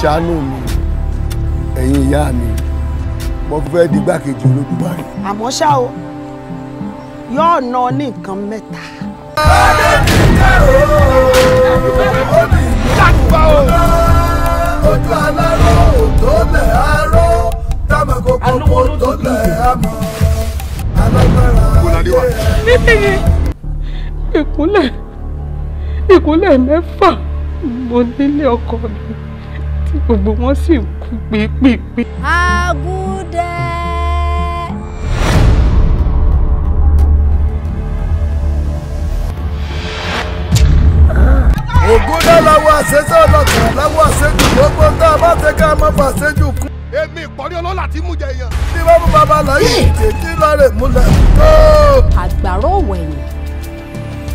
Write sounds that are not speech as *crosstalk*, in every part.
ṣàánú mi ẹ̀yin ìyá mi mo fẹ́ di igbákejì olódùmarè. àmọ́ ṣá o yóò ná ọ ní nǹkan mẹ́ta. ọdẹ mi jẹ́ òòrùn ó ní ìgbà òòrùn ojú aláró tó lẹ̀ aró dámàkó kókó tó lẹ̀ àmọ́ alágbára ayé. ìkúnlẹ̀ ìkúnlẹ̀ mẹ́fà mo nílé ọkọ mi tí gbogbo wọn sì kú pépépé. àgùdẹ. ògúndà láwọ àṣẹjọ ọlọkàn láwọ àṣẹjù gbogbo tá a bá ṣe ká mọ fàṣẹjù kú. èmi ìpọ́nrí ọlọ́lá ti mú jẹ èèyàn. bí wọ́n mú bàbá láyé ìjèjì lọ́rẹ̀ múlẹ̀. àgbàrá òwẹ̀yìn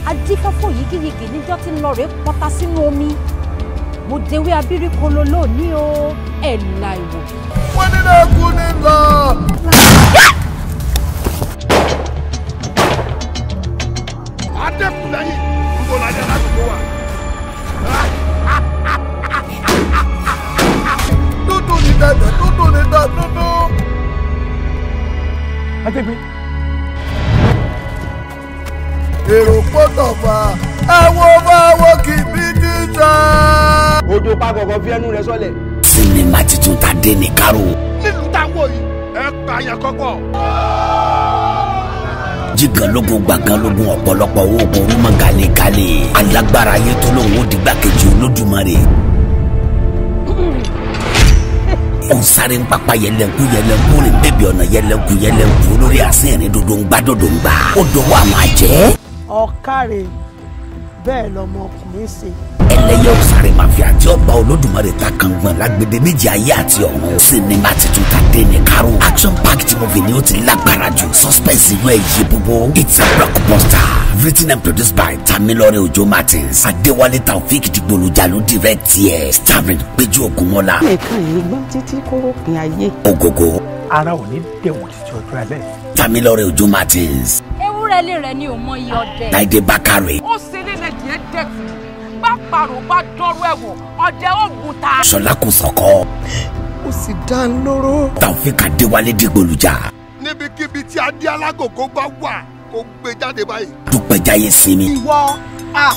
adífáfó yìgiyìgì níjọ́ tí lọ́ọ̀rẹ́ pọ́ta sínú omi mo dewé abíríkolo lónìí o ẹ̀ la ìwò. wọ́n nínú ẹkú ní lọ. adẹ́kùn lẹ́yìn ń bọ̀ lájà ládùúgbò wa. dúdú ni dẹ̀dẹ̀ dúdú ni dẹ̀ dúdú. ajẹ́gbẹ́. èrò pọ́tọ̀ fà á wọ́n bá wọ́n kì í bí tán. ojú pa kọ̀ọ̀kan fi ẹnu rẹ sọlẹ̀. sinimá titun ta dé ní karo. nílùú táwọn yìí ẹ pààyàn kọ́kọ́. jíganlógún gbàganlógún ọ̀pọ̀lọpọ̀ oògùn orúmọ gàlégàlé alágbára ayé tó lóun ó dìgbà kejì olódùmarè ń sáré ń pápá yẹlẹnku yẹlẹnku rìn bẹbí ọ̀nà yẹlẹnku yẹlẹnku lórí àsẹ́yìn dodo ń gbá dodo ń gbá ó dọwọ́ àwọn àjẹ́. ọ̀kàrẹ̀ bẹ́ẹ̀ lọmọkùnrin ṣe ẹlẹ́yẹ òsàrè màfíà tí ọba olódùmarè ta kàngbọ̀n lágbèdè méjì ayé àti ọ̀run sinimá titun ta dé ní karùn action packed movie ni ó ti lágbára jù suspense inú ẹ̀ yí búbú it's a blockbuster written and produced by Tamilore Ojo Martins Adewale Taofik Digbolu Jalo direct yẹ starring Péjú Ògúnmọ́lá. ẹ̀ka yìí gbọ́ títí kórópin ayé. ògógó. ara ò ní dẹ̀wọ̀n títí ọjọ́ alẹ́. Tamilore Ojo Martins. ewúrẹ́ lè rẹ ni ò mọ iye ọdẹ. láìdé bákàrè. ó ṣe lé lẹ́dìẹ́ dẹ́kun pàrọ̀ bá dọ́rọ̀ ẹ̀wọ̀ ọdẹ ògùn ta. sọlá kò sọkọ. ó sì dá ń lóró. tàwọn ká déwálé dìgbòlùjà. níbikíbi tí adé alágòkó bá wà kó gbé jáde báyìí. dúpẹ́ jáyé sinmi. ìwọ a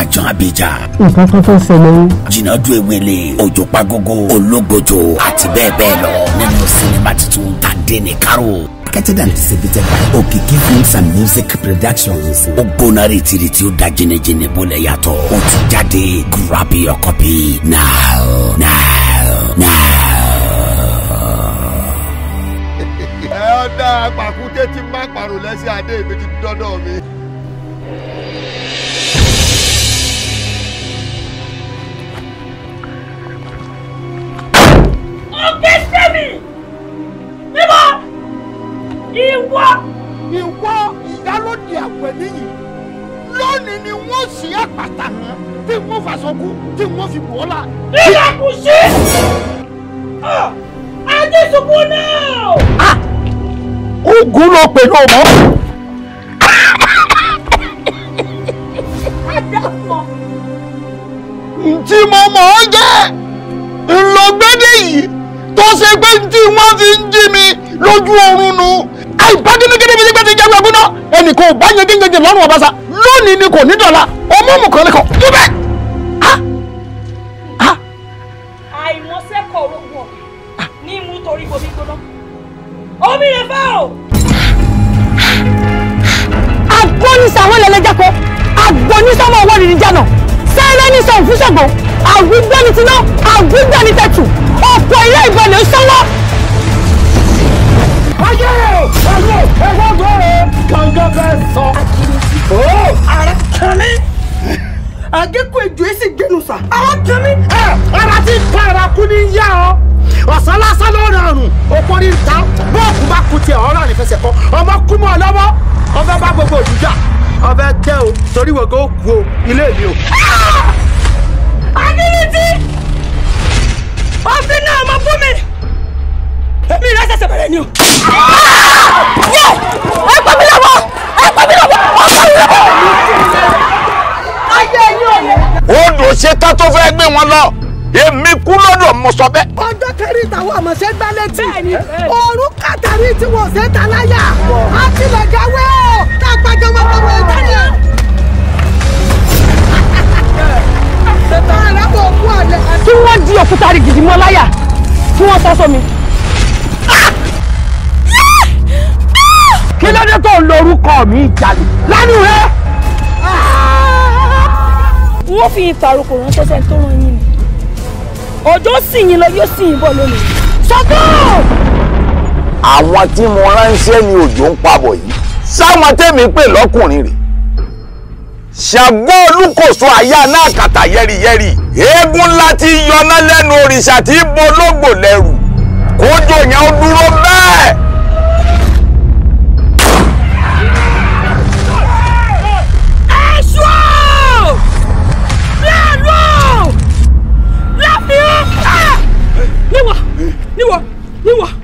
àjọ abidjan. nǹkan kan tó ṣẹlẹ̀ o. jìnnà ewele òjò pagogo ológbòjò àti bẹ́ẹ̀ bẹ́ẹ̀ lọ nínú sinimá tuntun tàdé ní karo marketed and distributed by Okiki Films and Music Productions. Ó gbóná retiriti ó da jìnnìjìnnì bó yàtọ̀. Ó ti jáde grab your copy now now now. *laughs* Ẹ ọ́ dá pàkúté tí má pàrọ̀ lẹ́sìn adé mi ti dọ́dọ̀ mi. Oh, ìwọ ìwọ ìyálòdì àgbẹ̀lì yìí lónìí ni wọ́n sì àpàtà hàn tí wọ́n fàṣọ kú tí wọ́n fi bọ́ la. ìyá kù sí. adésùnkún náà. ogun ló pè ló mọ́. ntí mo mọ̀ ọ́ jẹ́ ńlọgbẹ́dẹ́ yìí tó ṣe pé ntí wọ́n fi ń jí mi lójú oorun nu àìbádínú gẹ́gẹ́ bíi gbẹ́sẹ̀ jáwé agbóná ẹnì kan ò bá yan gẹ́gẹ́ lọ́rùn ọbaṣà lónìí ni kò ní dọ̀la ọmọ mú kan lẹ́kọ̀ọ́ níbẹ̀. àìmọ̀sẹ́kọ̀ ológun ọ̀gbìn ní mú torí bomi gbóná omi rẹ̀ fẹ́ o. agbónisá wọn lẹlẹjà kọ agbónisámọ wọn rìnrìn jànà sẹ́rẹ́ ní sọ̀nfúnṣọ̀gbọ̀n àwùgbọ́ni tiná àwùgbọ́ni tẹ̀tù ọ̀pọ̀ ilé ìbọn lè sọ́wọ́ ayé ayé ẹ̀wọ́n gbọ́rọ̀ kànga bẹ́ẹ̀ sọ. ó ara kẹ́mi àgékù èjò yìí sì gbénu sà. ara kẹ́mi ẹ ara ti pa ara kú ní yá ọ ọ̀sán lásán ló rà ọ̀rùn òpó ní ta bọ́ọ̀kù bá kú tiẹ̀ ọ̀rọ̀ ànífẹsẹ̀ kan ọmọ kú mọ́ ọ lọ́wọ́ ọbẹ̀ bá gbogbo òjújà ọbẹ̀ tẹ́ o torí wọ̀gọ́ òkú o ilé mi o. agiliti ah! ọ̀sìn náà mọ̀ fún mi mi rẹ ṣẹ̀ṣẹ̀ bẹ̀rẹ̀ ni o. ẹ gbọ́ mi lọ́wọ́ ẹ gbọ́ mi lọ́wọ́ ọgbọ́ mi lọ́wọ́. ayé yín ò lè. odò ṣe ká tó fẹ́ gbé wọn lọ èmi kú lọ́dọ̀ mo sọ bẹ́ẹ̀. ọjọ́ kẹrin tàwọn àmọ̀ṣẹ́ gbá létí òórùn kàtàrí tí wọ́n ṣe ta láyà á tilẹ̀ jáwé o tá a gbàjọ wọn lọ́wọ́ ẹ̀dá ni. tí wọ́n di òkúta rí mọ́ láyà tí wọ́n sá sómi. kí ló dé tó ń lorúkọ mi jalè lánàá rẹ. wọ́n fi ìfàrùkò ránṣẹ́ sẹ́ni tó rán yín ni ọjọ́ sì yín lọ yóò sì yín bọ̀ lónìí. sọ́tò. àwọn tí mo ránṣẹ́ ni òjò ń pabọ̀ yìí sáwọn tèmi pè lọ́kùnrin rẹ̀ ṣàgbó olúkòso àyà náà kàtà yẹ́rìyẹ́rì eégún ńlá ti yọná lẹ́nu òrìṣà tí bológbò lẹ́rù kójó yẹn ó dúró bẹ́ẹ̀. 给我。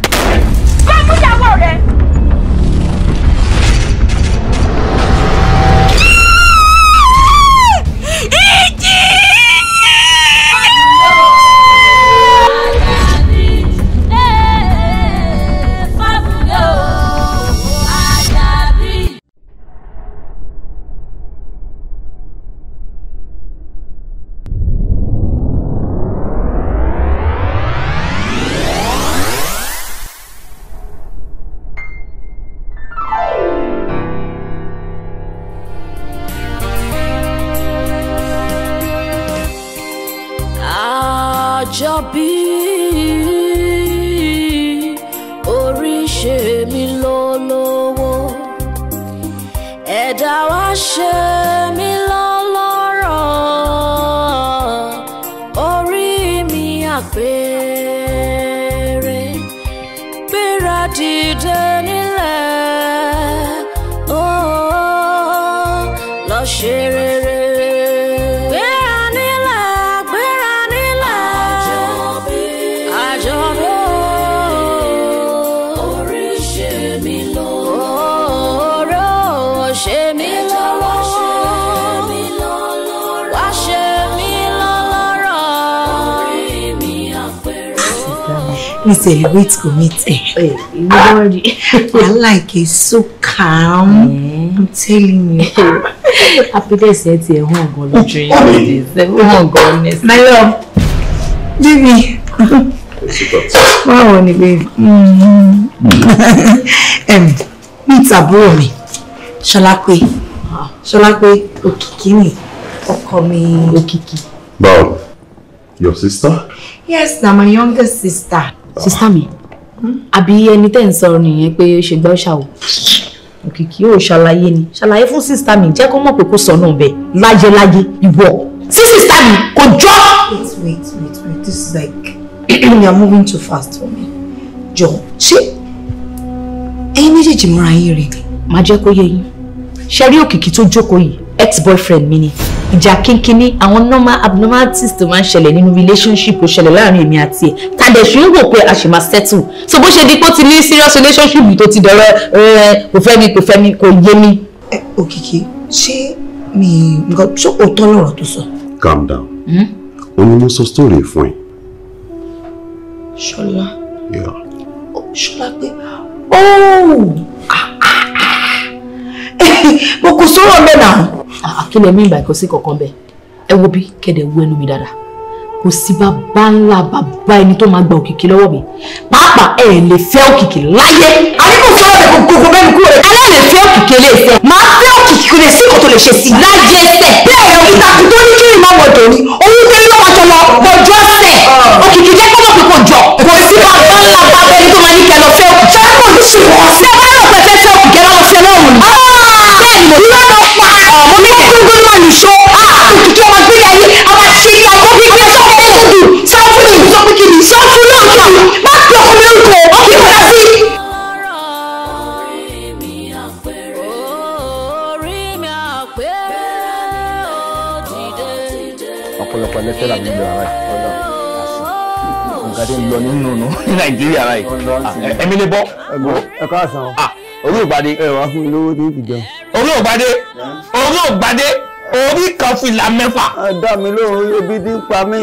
me say you wait go meet Hey, You don't I like it so calm. Yeah. I'm telling you. Happiness yẹn ti ẹ̀hún ọ̀gán lójú yín lóde. Ẹ̀hún ọ̀gán nẹ́sì. My love, baby. Báwo ni baby? Meet àbúrò mi, Ṣọlápé. Ah. Ṣọlápé Òkìkí ni ọkọ Okomi. Òkìkí. Báwo, your sister? Yes, na my younger sister sista mi àbí ẹni tẹ́ ń sọ̀rọ̀ nìyẹn pé ṣe gbọ́ ṣàwò òkìkí ò ṣàlàyé ni ṣàlàyé fún sista mi jẹ́ kó mọ̀ pé kó sọnù ọbẹ̀ láyé láyé ìwọ sí Sister mi kò jọ. wait wait wait wait this is like *clears throat* you are moving too fast for me jọ ṣé ẹyin méjèèjì múra yín rè ni. màá jẹ́ kó yé yín ṣe rí òkìkí tó jókòó yìí ex boyfriend mi ni ìjà kínkínní àwọn normal abnormalities tó máa ń ṣẹlẹ̀ nínú relationship ó ṣẹlẹ̀ láàrin èmi àti ẹ̀ ta dẹ̀ ṣe ń wò pé a ṣì máa settle so bó ṣe di pé ó ti ní serious relationship tó ti dọ̀rọ̀ kò fẹ́ mi kò fẹ́ mi kò yé mi. ẹ òkìkí ṣé mi nǹkan ṣé òótọ́ lọ̀rọ̀ tó sọ. calm down òun hmm? mo sọ story fún ẹ. ṣọlá ṣọlá pé ooo. Oh, mo kò sọ̀rọ̀ bẹ́ẹ̀ náà. àkílẹ̀ mi ìgbà kò sí kankan bẹ́ẹ̀ ẹ wo bí kẹ̀dẹ̀ wú ẹnu mi dáadáa kò sí bàbá ńlá bàbá ẹni tó máa gba òkìkí lọ́wọ́ mi pàápàá ẹ lè fẹ́ òkìkí láyé. àní kò sọ̀rọ̀ bẹ́ẹ̀ gbogbo bẹ́ẹ̀ mi kúrò rẹ̀. alẹ́ lè fẹ́ òkìkí lè fẹ́. máa fẹ́ òkìkí kò lè sí kò tó lè ṣe sí i. láyé ẹsẹ̀ bẹ́ẹ̀ ìtàkùn tó ní kí ni máa mọ̀jọ̀ sọ fún náà nà má pè ọkọ mi lórúkọ ọkọ mi kọ́lá sí. ọ̀pọ̀lọpọ̀ lẹ́tẹ̀rẹ̀ àbí ìlú ara ẹ̀ nǹkan tó ń lọ nínú nù ní nàìjíríà rẹ̀ ẹ̀mí lè bọ́. ẹ̀ka àṣàn. orí ògbàdé. ẹ wàá fún mi lówó tó fi jẹun. orí ògbàdé orí ògbàdé orí kan fìlà mẹ́fà. ẹ dá mi lóhùn ebi tí ń pa mí.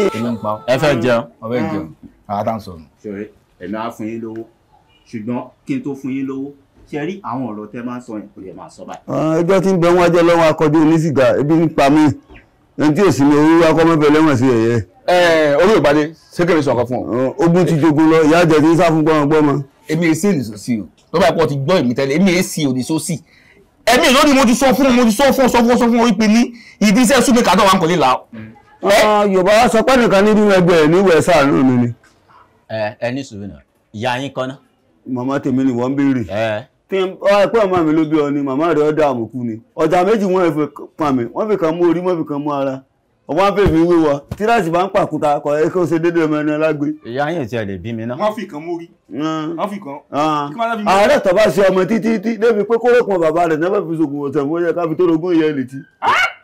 ẹ fẹ́ jẹun ọ̀rẹ́ jẹun àádá sọnù. ṣòro èmi á fún yín lówó ṣùgbọ́n kí n tó fún yín lówó ṣe rí àwọn ọ̀rọ̀ tẹ́ máa ń sọ yẹn kò lè máa sọ báyìí. ẹjọ́ tí ń bẹ wọ́n ajẹ́ lọ́wọ́ akọjú onísìgá ebi ń pa mí ẹni tí òsì ni orí wa kọ́ mọ́bẹ̀ lẹ́wọ̀n sí ẹ̀yẹ. ẹ orí ìbàdí sékèrè sọ̀kan fún ọ. ogun ti jogun lọ ìyá àjẹ ti ń sá fún gbọ́mọ gbọ́mọ. èmi èsì ìlìsòsì o tó bá pọ̀ ti gbọ́ èmi tẹ́lẹ̀ èmi èsì òdìsòsì ẹ̀mí lónìí mo ti sọ fún mo ti sọ fún sọ fún sọ fún orí pe ní ìdí iṣẹ́ súnmẹ́kà náà wà ń kọ́lé là. Ah, yorùbá sọ pé nìkan nínú ẹgbẹ́ ẹ̀ ní wẹ̀ẹ́sà náà ni ẹ ẹ ní sùúrù náà ìyá yín kọ́ náà. màmá tèmi ni wọ́n ń béèrè. ẹ tí wọ́n pẹ́ ọmọ mi ló bí ọ ni màmá rẹ̀ ọ́ dààmú kú ni ọjà méjì wọ́n fi pa mi wọ́n fi kan mú orí wọ́n fi kan mú ara ọmọ wọn fèèfì wé wa tíráàsì bá ń pàkúta kọ ẹ kó ṣe déédéé ọmọ ẹni ọlágbé. ìyá yín ti ẹ lè bí mi náà. wọ́n fi kan mórí. wọ́n fi kan. ààrẹ tó bá ṣe ọmọ títí títí débi pé kórópọn bàbá rẹ̀ náà bá fi ṣoògùn ọ̀sẹ̀ fún ọyẹ káfi tó ìyá ẹ̀ létí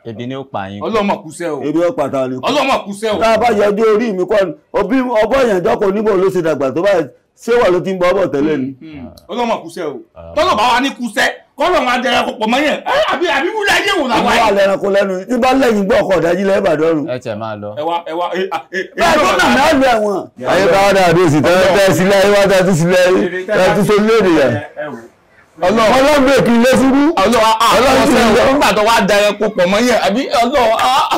ebi ni ó pa yín. ọlọ́mọ kúṣẹ́ o. ebi ó pàtà ni. ọlọ́mọ kúṣẹ́ o. tá a bá yẹ dé orí mi kọ́ ọbí ọbọ̀ yẹn dọ́kọ̀ níbo ló ṣe dàgbà tó báyìí ṣé wà ló ti ń bọ ọbọ̀ tẹ́lẹ̀ ni. Hmm, hmm. ọlọ́mọ kúṣẹ́ o ah. tọ́lọ̀ bá wa ní kúṣẹ́ kọ́lọ̀ wọn adẹ̀rẹ̀ kò pọ̀ mọ́yẹ̀ eh, àbí àbí wúlò ayé wò làwọn yìí. wọ́n wà lẹ́ran kó lẹ́nu tí bá lẹ́yìn gbọ́ ọkọ̀ ọ̀dájí lẹ́yìn ìbàdàn. ẹ tẹ̀ máa lọ. ẹwà ẹwà ẹ ẹ. bẹ́ẹ̀ tó nà náà lọ ẹ̀wọ̀n. ayé bá wà dáadé sí tẹ́lẹ̀ tẹ́ sílẹ̀ ayé wá dáadé sílẹ̀ ayé tẹ́ tó so lóde yẹn ọlọ́run bèè kí n lé síbú ọlọ́run àkọsẹ́ ah, ah, ọ̀rọ̀ nígbà tó wá darẹ̀ kó pọ̀ mọ́ yẹn àbí ọlọ́run ah,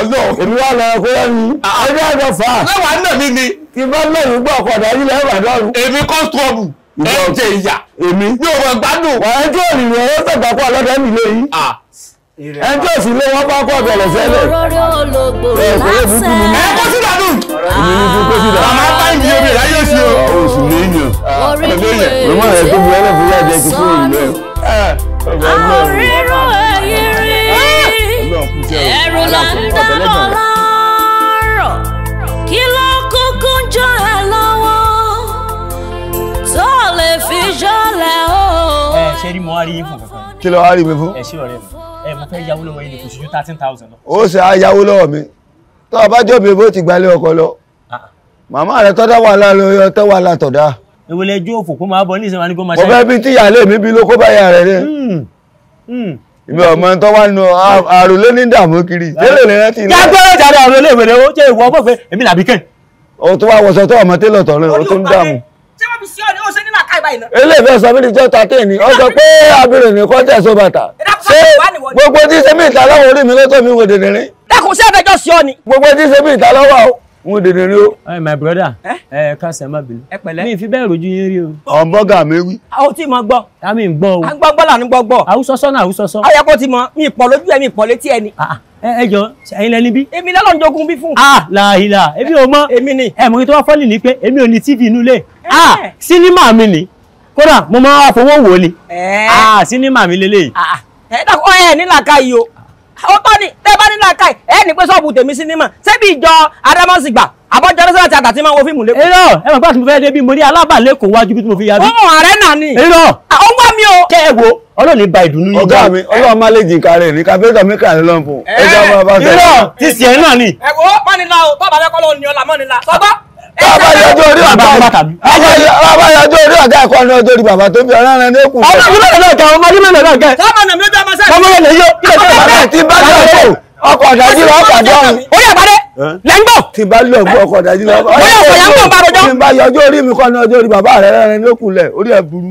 ọlọ́run. èmi wà lọ ẹ̀kọ́ yẹn ni ẹgbẹ́ ẹ̀dọ̀ fà. mẹ́wàá náà mi ni. ti bá mẹ́rin gbọ́ ọ̀kọ̀dọ̀ yìí lẹ́yìn ìbàdàn. èmi kọ́ sọ́ọ̀bù ẹ̀jẹ̀ ìyà. èmi yóò wọ gbádùn. wà á jẹ́ òrìrì ọ̀rọ̀ sọ̀gbà kó ọlọ́dẹ nílé yìí. ẹ jẹ́ òsì lé wọn bá kọ́ ọ̀gọ̀rọ̀ fẹ́lẹ̀. ẹ kò lè bukú mi. ẹ kó sídàdùn. èmi ni kó sídàdùn. màmá bá ìdí omi ìráyè sí o. oṣù lè yàn olóyè mọ̀mọ́ rẹ̀ tó bu ẹlẹ́fúnlá ah, jẹ́ kí fún òun náà. àrírò ẹ̀yìn rí ẹ̀rù là ń dáná lọ́rọ̀ kí ló kúkú jọ ẹ lọ́wọ́ tó lè fi jọlẹ̀ o. ẹ ṣe rí mo wá rí yín fún kankan. kí ló wá rí mi fún. ẹ ṣé ọ̀rẹ́ mo fẹ́ yáwó lọ́wọ́ yín ní kò ṣojú thirteen thousand ó ṣe àyáwó lọ́wọ́ mi tó o bá jọ̀bi bó ti gbalẹ̀ ọkọ lọ ah. màmá rẹ tọ́dá wà lálẹ́ ọtọ́ wà látọ̀dá ìwọlẹ̀ ẹjọ́ òfò kó máa bọ̀ ní ìsinmi kó máa ṣe. ọbẹ̀ bíi tíyà lè mí bí ló kó báyà rẹ̀ rẹ̀. Hmm, hmm. ìbẹ̀ ọmọ tó wá nu àrùn ló ní dààmú kiri tẹ́lẹ̀ lè rántí. kí á gbọ́ ìjàdá àrùn ilé ìwé lẹ́wọ́ ṣé ìwọ ọgbọ́n pé èmi làbí kẹ́. o tó wá wọṣọ tó ọmọ tẹ́lọ̀ tọ̀ náà o tó dààmú. ṣé wọ́n fi sí ọ wọn dèdè ni o. ẹ my brother eh? Eh, ẹ ẹ kásẹ̀ má bínú. ẹ pẹ̀lẹ́ mi fi bẹ́ẹ̀ rojú yín rí o. ọ̀nbọ́gà mi wí. a ò tí mọ gbọ́. a mi ń gbọ́ o. a ń gbọ́ gbọ́ là ń gbọ́ gbọ́. àwùsọ̀sọ́ náà àwùsọ̀sọ́. ayọ̀ kò ti mọ mi ìpọ̀ lójú ẹ̀ mi ìpọ̀ létí ẹ̀ ni. Ah, ah. ẹ jọ ẹ̀yin lẹni bí. èmi lọ́lọ́ ń jogún bí fún. Ah, a làhìlà èmi ò mọ. èmi ni. ẹ mọ̀ kí tó wá fọ́lì ní pé èmi ò ní tv inú ilé. Eh. a sinima mi ni kódà mo máa fowó wò ni. a sinima mi lélẹ́yìí. ẹ dàkọ ẹ nílà ká yìí o ọtọ́ ni tẹ́ bá ní làákàyè ẹ ní pé sọ́ọ̀bù tèmi sinimá ṣebí ìjọ adamọ́sìgbà àbọ̀jọ́ lọ́sẹ̀ àti àtàtì máa wo fíìmù lẹ́kọ̀ọ́. irọ́ ẹ mọ̀ gbàtí mo fẹ́ débi mo ní alábàálẹ̀kọ̀ wájú bí mo fi yára. ohun ààrẹ náà ni. irọ́ ó wá mi o. kẹ́ ẹ wo ọlọ́run ní ba ìdùnnú yìí. ọ̀gá mi ọlọ́run máa lè jìnkà rẹ̀ ní káfíńtà mi kàlẹ́ lọ́n fún. ẹ jẹ́ ọmọ bá fẹ́. irọ́ ti sì ẹ̀ náà ni. ẹ wo pánilá o tọ́ba lẹ́kọ́ ni ọ̀la mọ́nilá sọ́gbọ́. bàbá yọjọ́ orí bàbá yọjọ́ orí ọ̀gá ẹ̀kọ́ ni ọjọ́ orí bàbá tó fi ọ̀rẹ́ ọmọ yẹn lè yọ kí lè tó bàbá tí bá lọ bọ ọkọ̀ ọ̀dájú lọ ọkọ̀ ọ̀dọ́ mi. ó yà pàdé lẹ́ńgbò. tí bá lọ bọ ọkọ̀ ọ̀dájú lọ ọkọ̀ ọ̀dọ́ mi. bóyá ọkọ̀ yà ń bọ̀ bá rojọ́. tí bá yọjú orí mi kọ́ ní ọjọ́ orí bàbá rẹ̀ rẹ̀ lókùnlẹ̀ orí ẹ̀ burú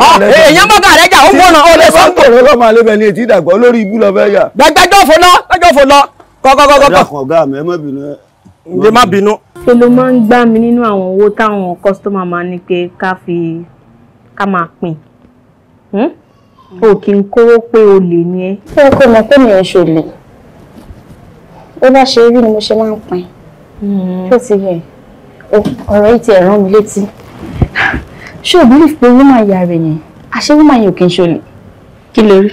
ah, èèyàn bọ́gà rẹ̀ jà ó gbọ́nà ó lè sọ́n. ọ̀rọ̀ lọ́ máa lébẹ̀ ní etí ìdàgbọ́ lórí ibú lọ fẹ́ yà. gbẹgbẹjọ fò lọ gbẹjọ fò lọ kọkọkọkọ. ọ̀dà kan ọ̀gá mi ẹ má bínú. ǹjẹ́ má bínú. ṣe ló máa ń gbà mí nínú àwọn owó táwọn kọ́sítọ́mà máa ní pé ká fi ká máa pín hmm? o kì í kówó pé olè ni ẹ. ó yẹ kó mọ pé mi ò ṣòlè bó bá ṣe rí ni mo ṣe máa ń pin tó hmm. ti yẹ ọ̀rọ̀ yìí ti ẹ̀ rán létí ṣé o believe pé woman ya rẹ̀ yẹn àṣé woman yẹn ò kì í ṣòlè kí lè rí.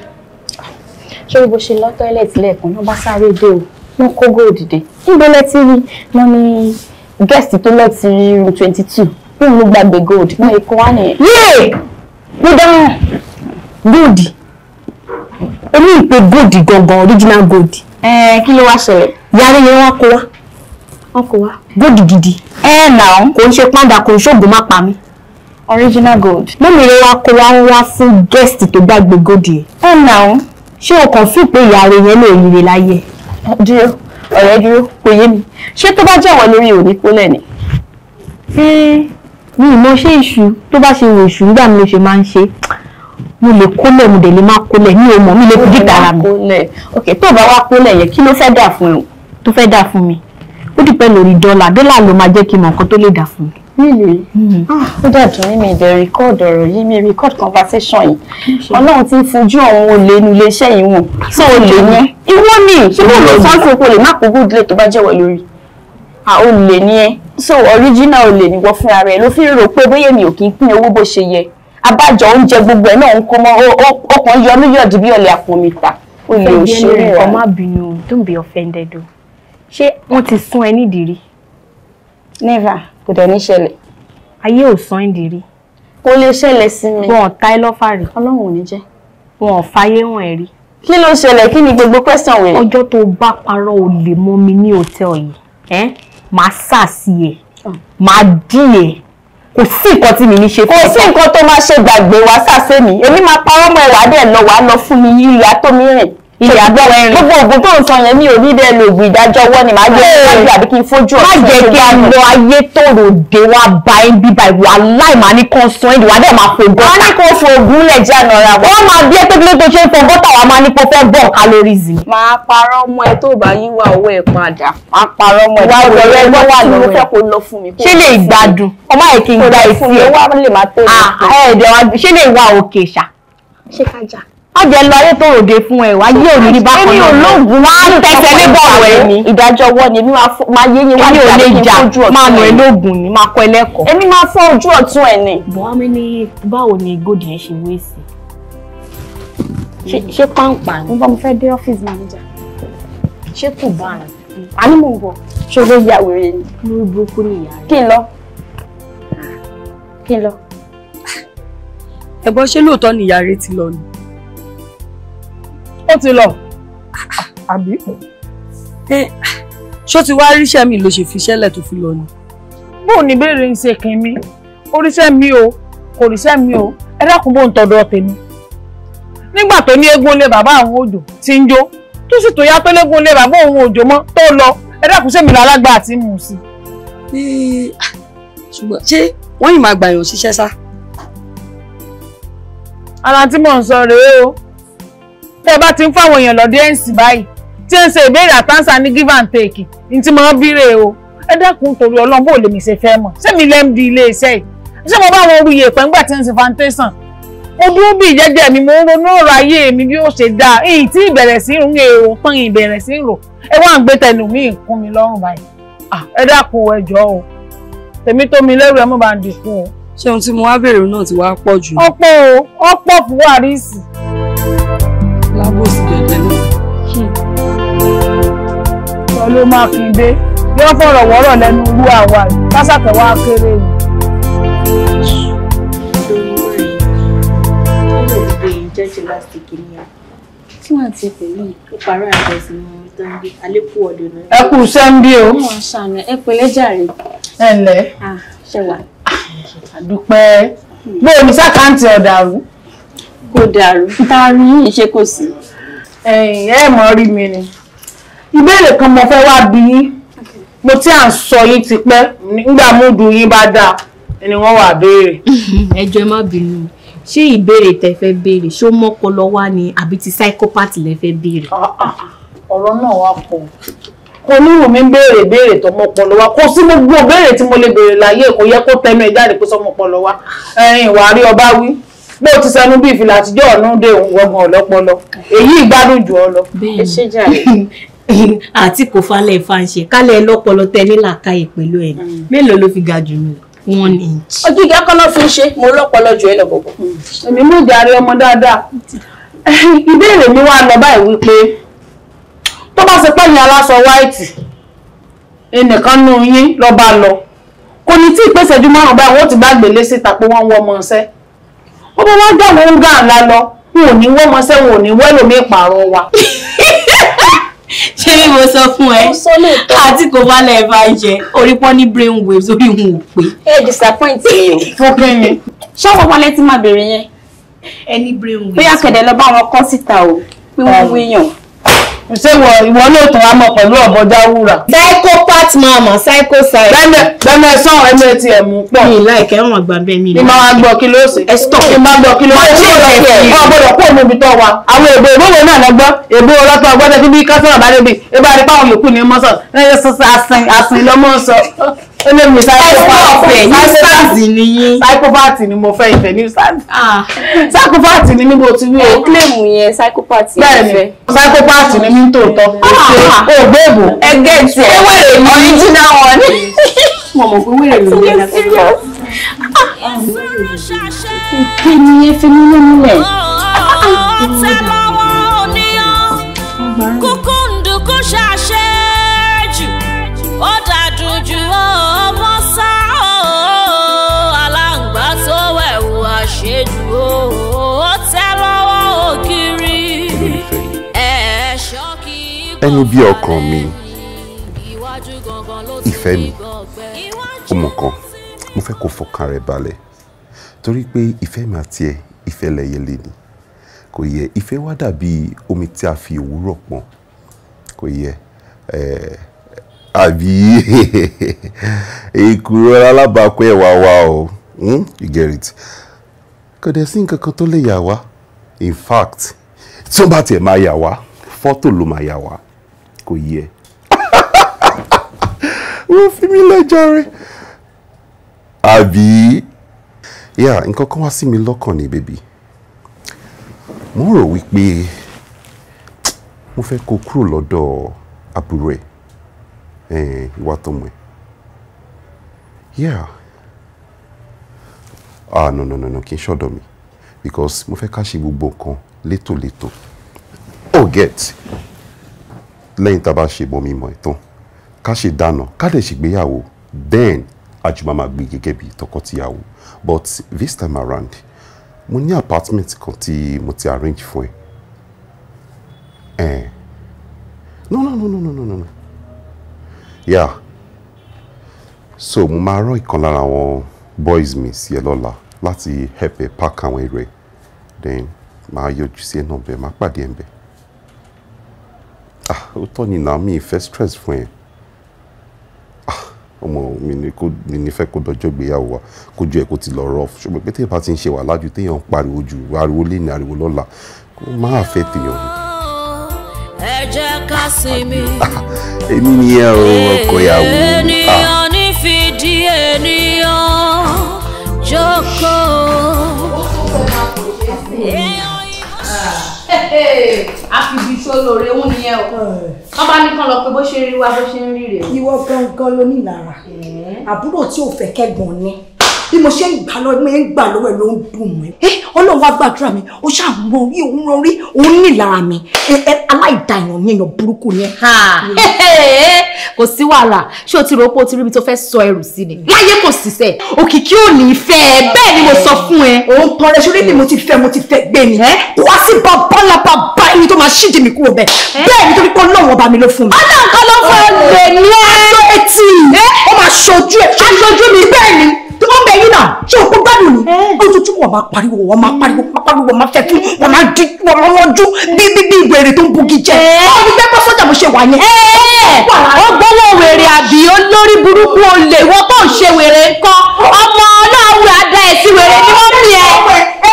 ṣé bó ṣe lọ tọ́ílẹ̀tì lẹ́ẹ̀kan náà bá sáré dé o wọ́n kó góòdì dé níbo lẹ rí wọn ní guest tó lọ ti room twenty two room ló gbàgbé gold náà ikú wá nìyẹn. yéè mo dáhùn góòdì omi ìpè góòdì gangan original góòdì. ẹ kí ló wá ṣẹlẹ̀. yàrá yẹn wá kó wá. wọn kó wá. góòdì gidi. ẹ nà ó. kò ń ṣe pàǹdà kò ń ṣoògùn má pa mí. original gold. mọ́mi rẹ̀ wá kó wá ń wá fún guest tó gbàgbé góòdì yẹn. ẹ nà ó. ṣé o kàn fún ìpè yàrá yẹn lè rire láyé. dúró ọ̀rẹ́ dúró kò yé mi ṣé tó bá jẹ́ àwọn lórí òní kólẹ̀ ni. mi ì mọ ṣé iṣu tó bá ṣe wò iṣu nígbà mi ló ṣe máa ń ṣe mo le kólẹ̀ mo dẹ̀ lè má kólẹ̀ ní ọmọ mi lè fi dìtà ara mi. ok tó o bá wá kólẹ̀ yẹn kí ló fẹ́ dà fún ẹ tó fẹ́ dà fún mi ó dìpẹ́ lórí dọ́là dọ́là ló máa jẹ́ kí n mọ nǹkan tó lè dà fún mi. Really? Hmm. Ah, ó dàdùn ní mi ìdẹ̀ record ọ̀rọ̀ yìí, mi record conversation yìí. Ọlọ́run ti ń fojú àwọn olè nu iléeṣẹ́ yìí wọ̀n. Ṣé o lè yẹn? Ìwọ ni ṣé mo lè sọ́ọ́ sí oko lè má kó good late tó bá jẹ́wọ́ lórí. À o lè ní ẹ. So original olè ni wọ́n fúnra rẹ̀ ló fi ń rò pé bóyá èmi ò kí ń pín owó bó ṣe yẹ abájọ oúnjẹ gbogbo ẹ̀ náà ń kó mọ́ ọkàn yọ mí yọ̀dí bí ọ̀lẹ̀ àpò ta ó lè ṣe rẹ̀ ọmọ bínú don't be offended o ṣé wọ́n ti sún ẹ nídìí never kò dẹ̀ ní ṣẹlẹ̀. ayé ò sán ìdí rí. kò lè ṣẹlẹ̀ sí mi. wọn ò ta ẹ lọ́fà rí. ọlọ́run ò ní jẹ́. wọn ò fàyè wọn ẹ̀ rí. kí ló ṣẹlẹ̀ kí ni gbogbo question wẹ̀. ọjọ́ tó bá parọ́ ò lè mọ́ mi ní hòtẹ́ẹ̀lì yìí máa sà máa dí kò sí nǹkan tí mi ní ṣe fún ọ. kò sí nǹkan tó máa ṣe gbàgbé wá sàṣẹ́ mi èmi máa parọ́ mọ́ ẹ̀wà dẹ̀ lọ wàá lọ fún mi yíya tó mi rìn ilẹ̀ àgbọ̀wọ̀ ẹ̀rìn. gbogbo ògùn tó ń sọ yẹn mi ò ní dẹ́ lo ògùn ìdájọ́ ọwọ́ ni màá jẹ́ ìwádìí àbí kí n fojú ọ̀sán tó bá lọ. má jẹ́ kí n lọ ayé tó ròde wá bá ẹ́ bíbá ìwà láì máa ní kan sun ìwà dẹ̀ máa fò gọ́tà. wọ́n ní kó fo ògùn lẹ̀ jẹ́ ànàrà wọ́n. wọ́n máa bí ẹ pé tó ṣe ń fọ gọ́tà wa máa ní kó bọ̀ calories. máa parọ́ ọmọ ẹ tó bá yín A ọjẹ lọ ayé tó ròde fún ẹ wá yé òní bá kan náà olóògùn wá tẹsẹ̀ lébọwọ ẹ ni ìdájọ́ ọwọ́ ni mi máa yé yín wá ní ìjà kí n fojú ọ̀tún ẹ máa nù ẹ lóògùn ni máa kọ ẹ lẹ́kọ̀ọ́. èmi máa fọ́ ojú ọ̀tún ẹ ni. buhari ní báwo ni góòdì yẹn ṣe wé sí i ṣé pàǹpà ni. mo bá mo fẹ́ dé ọ́fíìsì manager ṣé kù bá a àní mò ń bọ̀ ṣòro ya wèrè ni. mo rí burúkú ní ìyá rẹ. kí n lọ kí n lọ. ẹ̀gbọ́n ṣé lóòótọ́ ni ìyá rẹ ti lọ ni ó ti lọ àbí. ṣó ti wá ríṣẹ́ mi ló ṣe fi ṣẹ́lẹ̀ tó fi lọ ni. bóun ní béèrè ń ṣe kí mi oríṣẹ́ mi o kò ríṣẹ́ mi o ẹ dákun bóun tọ̀dọ̀ tèmi. nígbà tó ní eégún ilé bàbá àwọn òjò ti ń jó tó sì tó yá tó légún ilé bàbá òun òjò mọ́ tó lọ ẹ dákun sẹ́mi lálágbá àti mú sí. ṣùgbọ́n ṣé wọ́n yìí máa gbàyàn ṣiṣẹ́ sá. ara tí mò ń sọ rèé o tẹ́ bá ti ń fáwọn èèyàn lọ́dọ̀ ẹ̀ǹsì báyìí tí ń ṣe ìbéèrè àtàǹsà ní give and take ní ti máa ń bírè o ẹ dákun torí ọlọ́run bó lè mi ṣe fẹ́ mọ̀ ṣé mi lẹ́m di ilé iṣẹ́ yìí ṣé mo bá wọn ru yèèpẹ̀ ńgbà tí ń ṣe foundation mo dúró bí ìjẹ́jẹ́ mi mo ń ronú ọ̀rọ̀ ayé mi bí ó ṣe dáa èyí tí ìbẹ̀rẹ̀ sí ń rò tán ìbẹ̀rẹ̀ sí ń rò ẹ wá ń gbé tẹnu mi kún mi lọ́rùn báyìí ẹ dákun ẹ o tèmi tó mi lẹ́rù ẹ mọ́ bá ń dínkù o. ṣé ohun tí mo wá béèrè náà ti wá pọ̀ jù. ọ̀pọ̀ o ọ̀pọ̀ fún wàrísì alábòsí jẹjẹ náà. sọ ló máa fi dé yóò fọ̀rọ̀ wọ́rọ̀ lẹ́nu irú àwa yìí kásàtẹ̀wá kéré ni. jẹ́jẹ́ láti kìnìyàn tí wọ́n ti pè mí ó parọ́ àgbẹ̀sìn mi tó ń bí àlékù ọ̀dọ̀ náà. ẹ kú iṣẹ́ ń bí o. wọ́n ṣàánú ẹ pẹ̀lẹ́ jàre. ẹ ǹlẹ́. ṣẹwà. àdúpẹ́ bóyá oníṣàkáǹtì ọ̀dàrú kò dàrú tá a rí yìí ṣe kò sí. ẹ̀yin ẹ mọ̀ rí mi ni ìbéèrè kan mo fẹ́ wá bí yín mo tí à ń sọ yín ti pẹ́ nígbà múdu yín bá dà ni wọ́n wà béèrè. *laughs* ẹjọ ẹ má bínú ṣé ìbéèrè tẹ́ fẹ́ béèrè ṣó mọ́pọlọ wá ni àbí ti psychopath lẹ fẹ́ béèrè. Ah, ah, ah. ọ̀rọ̀ náà wá pọ̀ kò níwò mi béèrè béèrè tó mọ́pọlọ wá kò sí gbogbo béèrè tí mo lè béèrè láyé kò yẹ kó tẹnu ẹ̀ jáde pé sọ́mọ́pọlọ wá ẹ̀yin ìwà rí ọba wí bó ti sanu bí ìfìlà àtijọ́ ọ̀nà dé òun gbọ̀ngàn ọ̀lọ́pọlọ èyí ìgbádùn jù ọ lọ. *laughs* àti kò falẹ̀ ìfànṣe kálẹ̀ lọ́pọlọ tẹ́lẹ̀ làkàyè pẹ̀lú ẹ̀ mm. mélòó ló fi ga jù mí wọn ni. ọgígá kọ́lọ́ fi ń ṣe mo lọ́pọlọ jù ẹ lọ bọ̀bọ̀. Mm. èmi mú ìdarí ọmọ dáadáa *laughs* ìbéèrè mi wá lọ báyìí wípé tó bá ṣe pé ní aláṣọ wáìtì ẹnìkan nù yín lọ́ba lọ kò ní tí ìpèsè ju márùn-ún báyìí wọ́n ti bá gbélé síta pé wọ́n ń wọ́ ọmọ ọ̀sẹ́ ó bá wá gbà wọn ń gà ńlá lọ wọn ò ní wọ́n mọ sẹ́ wọn ò ní wẹ́lò mí pààrọ̀ wa. ṣé bí mo sọ fún ẹ àti kò bá lẹ bá jẹ orí pọ́n ní brain waves orí wọn ò pé. ẹ disappoint mi o. fọkàn mi ṣáwọn wọlé tí màá bèrè yẹn. ẹ ní brain waves. bóyá kẹ̀dẹ̀ lọ bá wọn kọ́ síta o pé wọ́n wéyàn ṣé wọ ìwọ náà tàn á mọ pẹ̀lú ọ̀bọjá wúrà. psychopath mama. mọ̀ psycho side. bẹ́ẹ̀ni bẹ́ẹ̀ni ẹ̀sán ẹ̀mí ti ẹ̀mú pọ̀. mi láìkẹ́ wọn gbà bẹ́ẹ̀ mi. mi máa gbọ́ kí ló ṣe. ẹ stop mi máa gbọ́ kí ló ṣe. mo ṣe ìfẹ́ ẹ̀ ọ̀gbọ́dọ̀ kó omi ibi tó wa. àwọn èbò èbò wo náà lọ́gbọ́ èbò ọlọ́tọ̀ ọgbọ́dọ̀ fi bí kásán àbálẹ́bí ebí àdìpáwọn yòókù ní mọ́sán eléyìí sacrifice ní stars ni yín sacrifice ni mo fẹ́ ìfẹ́ ní stars ah. sacrifice ni níbo ti wí o claim yẹn sacrifice bẹ́ẹ̀ni sacrifice ni mí tòótọ́ ah. ṣe ògbóògbò ẹgbẹ́ tiẹ̀ ewé rẹ̀ original one *laughs* mo mọ̀ pé wèrè ló ń yẹn lápá. kí ni ẹ fi mí lónìí rẹ̀? kúkú ń dùn kó ṣàṣejù ó dà ẹni bí ọkàn mi ìfẹ́ mi ó mọ̀ kan mo fẹ́ kó fọkàn rẹ̀ balẹ̀ torí pé ìfẹ́ mi àti ẹ ìfẹ́ lẹ́yẹlé ni kò yẹ ìfẹ́ wá dàbí omi tí a fi òwúrọ̀ pọn kò yẹ àbí èkúrò alábàápẹ́ ẹ̀wà wa o hmm? you get it kò dẹ̀ sí nǹkan kan tó lè yà wá in fact tí wọ́n bá tiẹ̀ máa yà wá fọ́tò ló máa yà wá kò yẹ. wọ́n fi mí lẹ́jà rẹ̀. àbí yà nǹkan kan wá sí mi lọ́kàn ni bèbí mo rò wípé mo fẹ́ kó kúrò lọ́dọ̀ àbúrò ẹ̀ ìwà tọmọ ẹ̀ yà ah no no no no kì í ṣọ̀dọ̀ mi because mo fẹ́ ká ṣe gbogbo nǹkan létòlétò oh get lẹ́yìn tá a bá ṣe ìbọmi mọ̀ ẹ̀ tán ká ṣe dáná ká dẹ̀ ṣègbéyàwó then àjùmọ̀ máa gbé gẹ́gẹ́ bí tọkọtìyàwó but this time around mo ní apartment kan tí mo ti arrange fún ẹ eh no no no no no no no yeah so mo máa rán ìkan lára àwọn boys mi sí ẹ lọ́la láti help ẹ pack àwọn èrò then máa yọjú sí ẹ náà bẹ́ẹ̀ máa pàdé ẹ bẹ́ẹ̀ ah ó tọ́ ni mi ìfẹ́ stress fún ẹ ah ọmọ mi ni kò mi ní fẹ́ kó dọjọ́ ìgbéyàwó wa kó ju ẹ̀ kó ti lọ rough ṣùgbọ́n pé téèyàn ti ń ṣe wà lájú téèyàn ń pariwo jù ariwo lé ní ariwo lọ́la kó má fẹ́ tèèyàn. ẹ jẹ́ ká sinmi. Ah, èmi ni ẹ o ọkọ ìyàwó. Ah. ènìyàn ní fìdí ah. Hey! A fi ibi iṣó lóore òun nìyẹn o wọ́n bá nìkan lọ pé bó ṣe rí wa bó ṣe ń rí rèé. ìwọ gangan ló nílara àbúrò tí ò fẹ́ kẹ́gbọ̀n ni bí mo ṣe ń gbà lọ mo ń gbà lọ́wọ́ ẹ̀ ló ń dùn mí. ẹ ọlọ́run wá gbàdúrà mi ó ṣàmọ orí òun rán rí òun ní ìlara mi aláìda èèyàn ní èèyàn burúkú ni. kò sí wàhálà ṣé o ti rò pé o ti rí ibi tó fẹ́ sọ ẹrù sí ni. láyé kò sì sẹ́ òkìkí ò ní fẹ́ ẹ bẹ́ẹ̀ ni mo sọ fún ẹ. òun tọrẹ ṣorí ni mo ti fẹ́ mo ti fẹ́ gbé ni. kò wá sí bàbá bàbá ẹni tó máa ṣíjì mi kúrò bẹ́ẹ̀ bẹ́ẹ̀ nítorí pé ọlọ́run ọba mi ló fún mi. ọlọ́run kan ló fún ẹ lè ní ẹ. aṣọ etí ó máa ṣojú ẹ ṣojú mi bẹ́ẹ̀ ni tó bá ń bẹ yín náà ṣé o kó gbádùn ni ojoojúmọ́ wọ́n máa pariwo wọ́n máa pariwo wọ́n máa pariwo wọ́n máa fẹ́ fún wọ́n máa di wọ́n máa rọ́jú bí bí bí ìgbèrè tó ń bugi jẹ wọ́n fi fẹ́ bọ́ sọ́jà bó ṣe wà yẹn. ó gbọ́wọ́ wèrè àbí olórí burúkú olè ìwọ tó ń ṣe wèrè ńkọ́ ọmọ ọlọ́run àdá ẹ̀ sí wèrè ni wọ́n fi ẹ̀.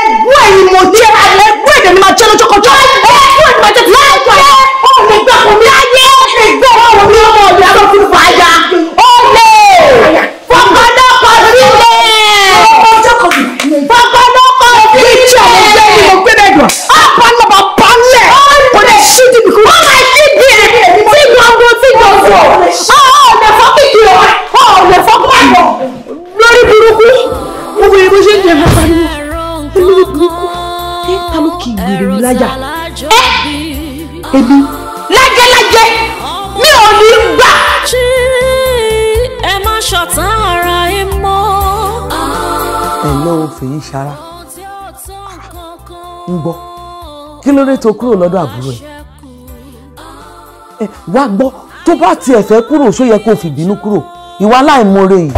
ẹgbẹ́ ẹ̀yìn mo jẹ́ ẹgbẹ́ ẹ̀dẹ̀ ni màá jẹ́ lójókòjọ́ ẹgbẹ́ ẹ̀dẹ̀ ni màá jẹ́ lójókòjọ́ ọmọ ìgbà kò ní ayé ẹgbẹ́ lọ ọ̀ọ̀lẹ̀ fọ́kìkì ọ̀ ọ̀ọ̀lẹ̀ fọ́kìkì ọ̀ lórí burúkú gbogbo ẹgbẹ́ ṣe ń jẹ mọ́ pariwo olórí burúkú ẹ ta ló kì í gbèrè mi láyà ẹ èmi lájẹlájẹ mi ò ní gbà. ẹ má ṣọ̀tàn ara ẹ mọ́. ẹ lọ́wọ́ fèyí sara ń gbọ́ kí ló dé tó kúrò lọ́dọ̀ àbúrò ẹ wá gbọ́ tó bá tiẹ̀ fẹ́ kúrò ṣó yẹ kó fi bínú kúrò ìwà láìmoore yìí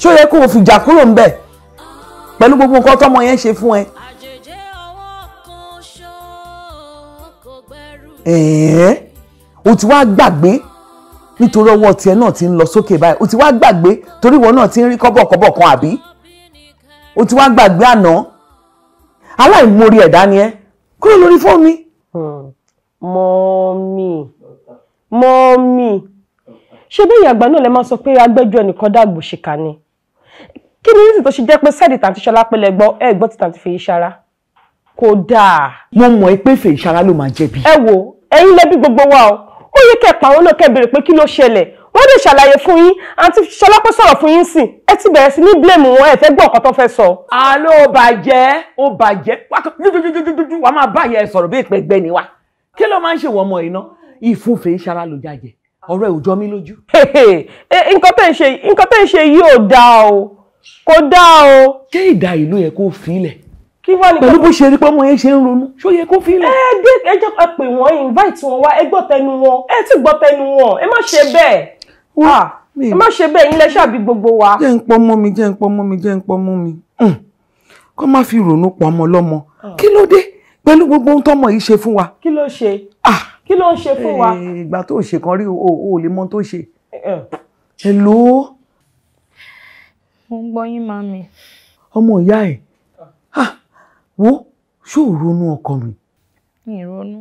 ṣó yẹ kó fi jà kúrò ńbẹ̀ pẹ̀lú gbogbo nǹkan tọ́mọ yẹn ṣe fún ẹ. ẹ̀ẹ́ o ti wá gbàgbé nítorí ọwọ́ tiẹ̀ náà ti ń lọ sókè báyìí o ti wá gbàgbé torí ìwọ náà ti ń rí kọ́bọ̀kọ́bọ̀ kan àbí o ti wá gbàgbé àná aláìmoore ẹ̀dá ni ẹ kúrò lórí fóònù mi. Hmm, mọ́mí mọ́mì ṣé bí ìyàgbá náà lè máa sọ pé agbẹ́jọ́ ẹnìkan dàgbò ṣìkà ni kí ni nítorí tó ṣe jẹ́ pé sáàdì tàǹtí ṣọlá pẹ̀lẹ́ gbọ́ ẹ gbọ́ ti tàǹtí fèyí ṣara kò dáa. mo mọ̀ ẹ́ pé fèyí ṣara ló máa jẹ̀bi. ẹ wo ẹ̀yin lẹ́bi gbogbo wa o ó yẹ kẹ́ pa àwọn náà kẹ́ béèrè pé kí ló ṣẹlẹ̀ wọ́n lè ṣàlàyé fún yín àǹtí ṣọlá pé sọ̀rọ̀ fún yín sìn ẹ ti bẹ̀rẹ̀ sí ní blame wọn ẹ fẹ́ gbọ́ nǹkan tó fẹ́ sọ. àló ò bàjẹ́ ó bàjẹ́ wàá máa bá ìyá ẹ sọ̀rọ̀ bí ìpẹ́gbẹ́ ni wa kí ló máa ń ṣèwọ́ ọmọ yìí náà ìfúnfẹ ń ṣara ló jáde ọ̀rọ̀ ẹ ò jọ mí lójú. Eh, nǹkan tẹ́ ń ṣe nǹkan tẹ́ ń ṣe yìí ò dáa o kò dáa o. ṣé ìdá ìlú yẹ kó filẹ̀ kí wá ní. pẹ̀lú bó ṣe rí pé ọmọ yẹn ṣe ń ronú ṣó yẹ kó filẹ̀. ẹ dé ẹ pè wọ́n invite wọn wá ẹ gbọ́ tẹnu wọn ẹ ti gbọ́ tẹnu wọn ẹ má ṣe bẹ́ẹ̀ ah, ẹ má ṣe bẹ́ẹ̀ yín lẹ ṣàbí gbogbo wa. jẹ́ ń pọ́ mọ́ mi jẹ́ ń pọ́ mọ́ mi jẹ́ ń pọ́ mọ́ mi hmm. kó má fi ronú pọ̀ ọmọ lọ́mọ ah. kí ló dé pẹ̀lú gbogbo ohun tọ́mọ yìí ṣe fún wa. kí ló ṣe. ah kí ló ń ṣe fún wa. Eh, ìgbà tó ṣe kan rí o ò lè mọ tó ṣe. Eh, eh. hello. mo ń gbọ́ yín màmí. ọmọ ìyá ẹ̀ ah, wo ṣó o ronú ọkọ mi. mi ronú.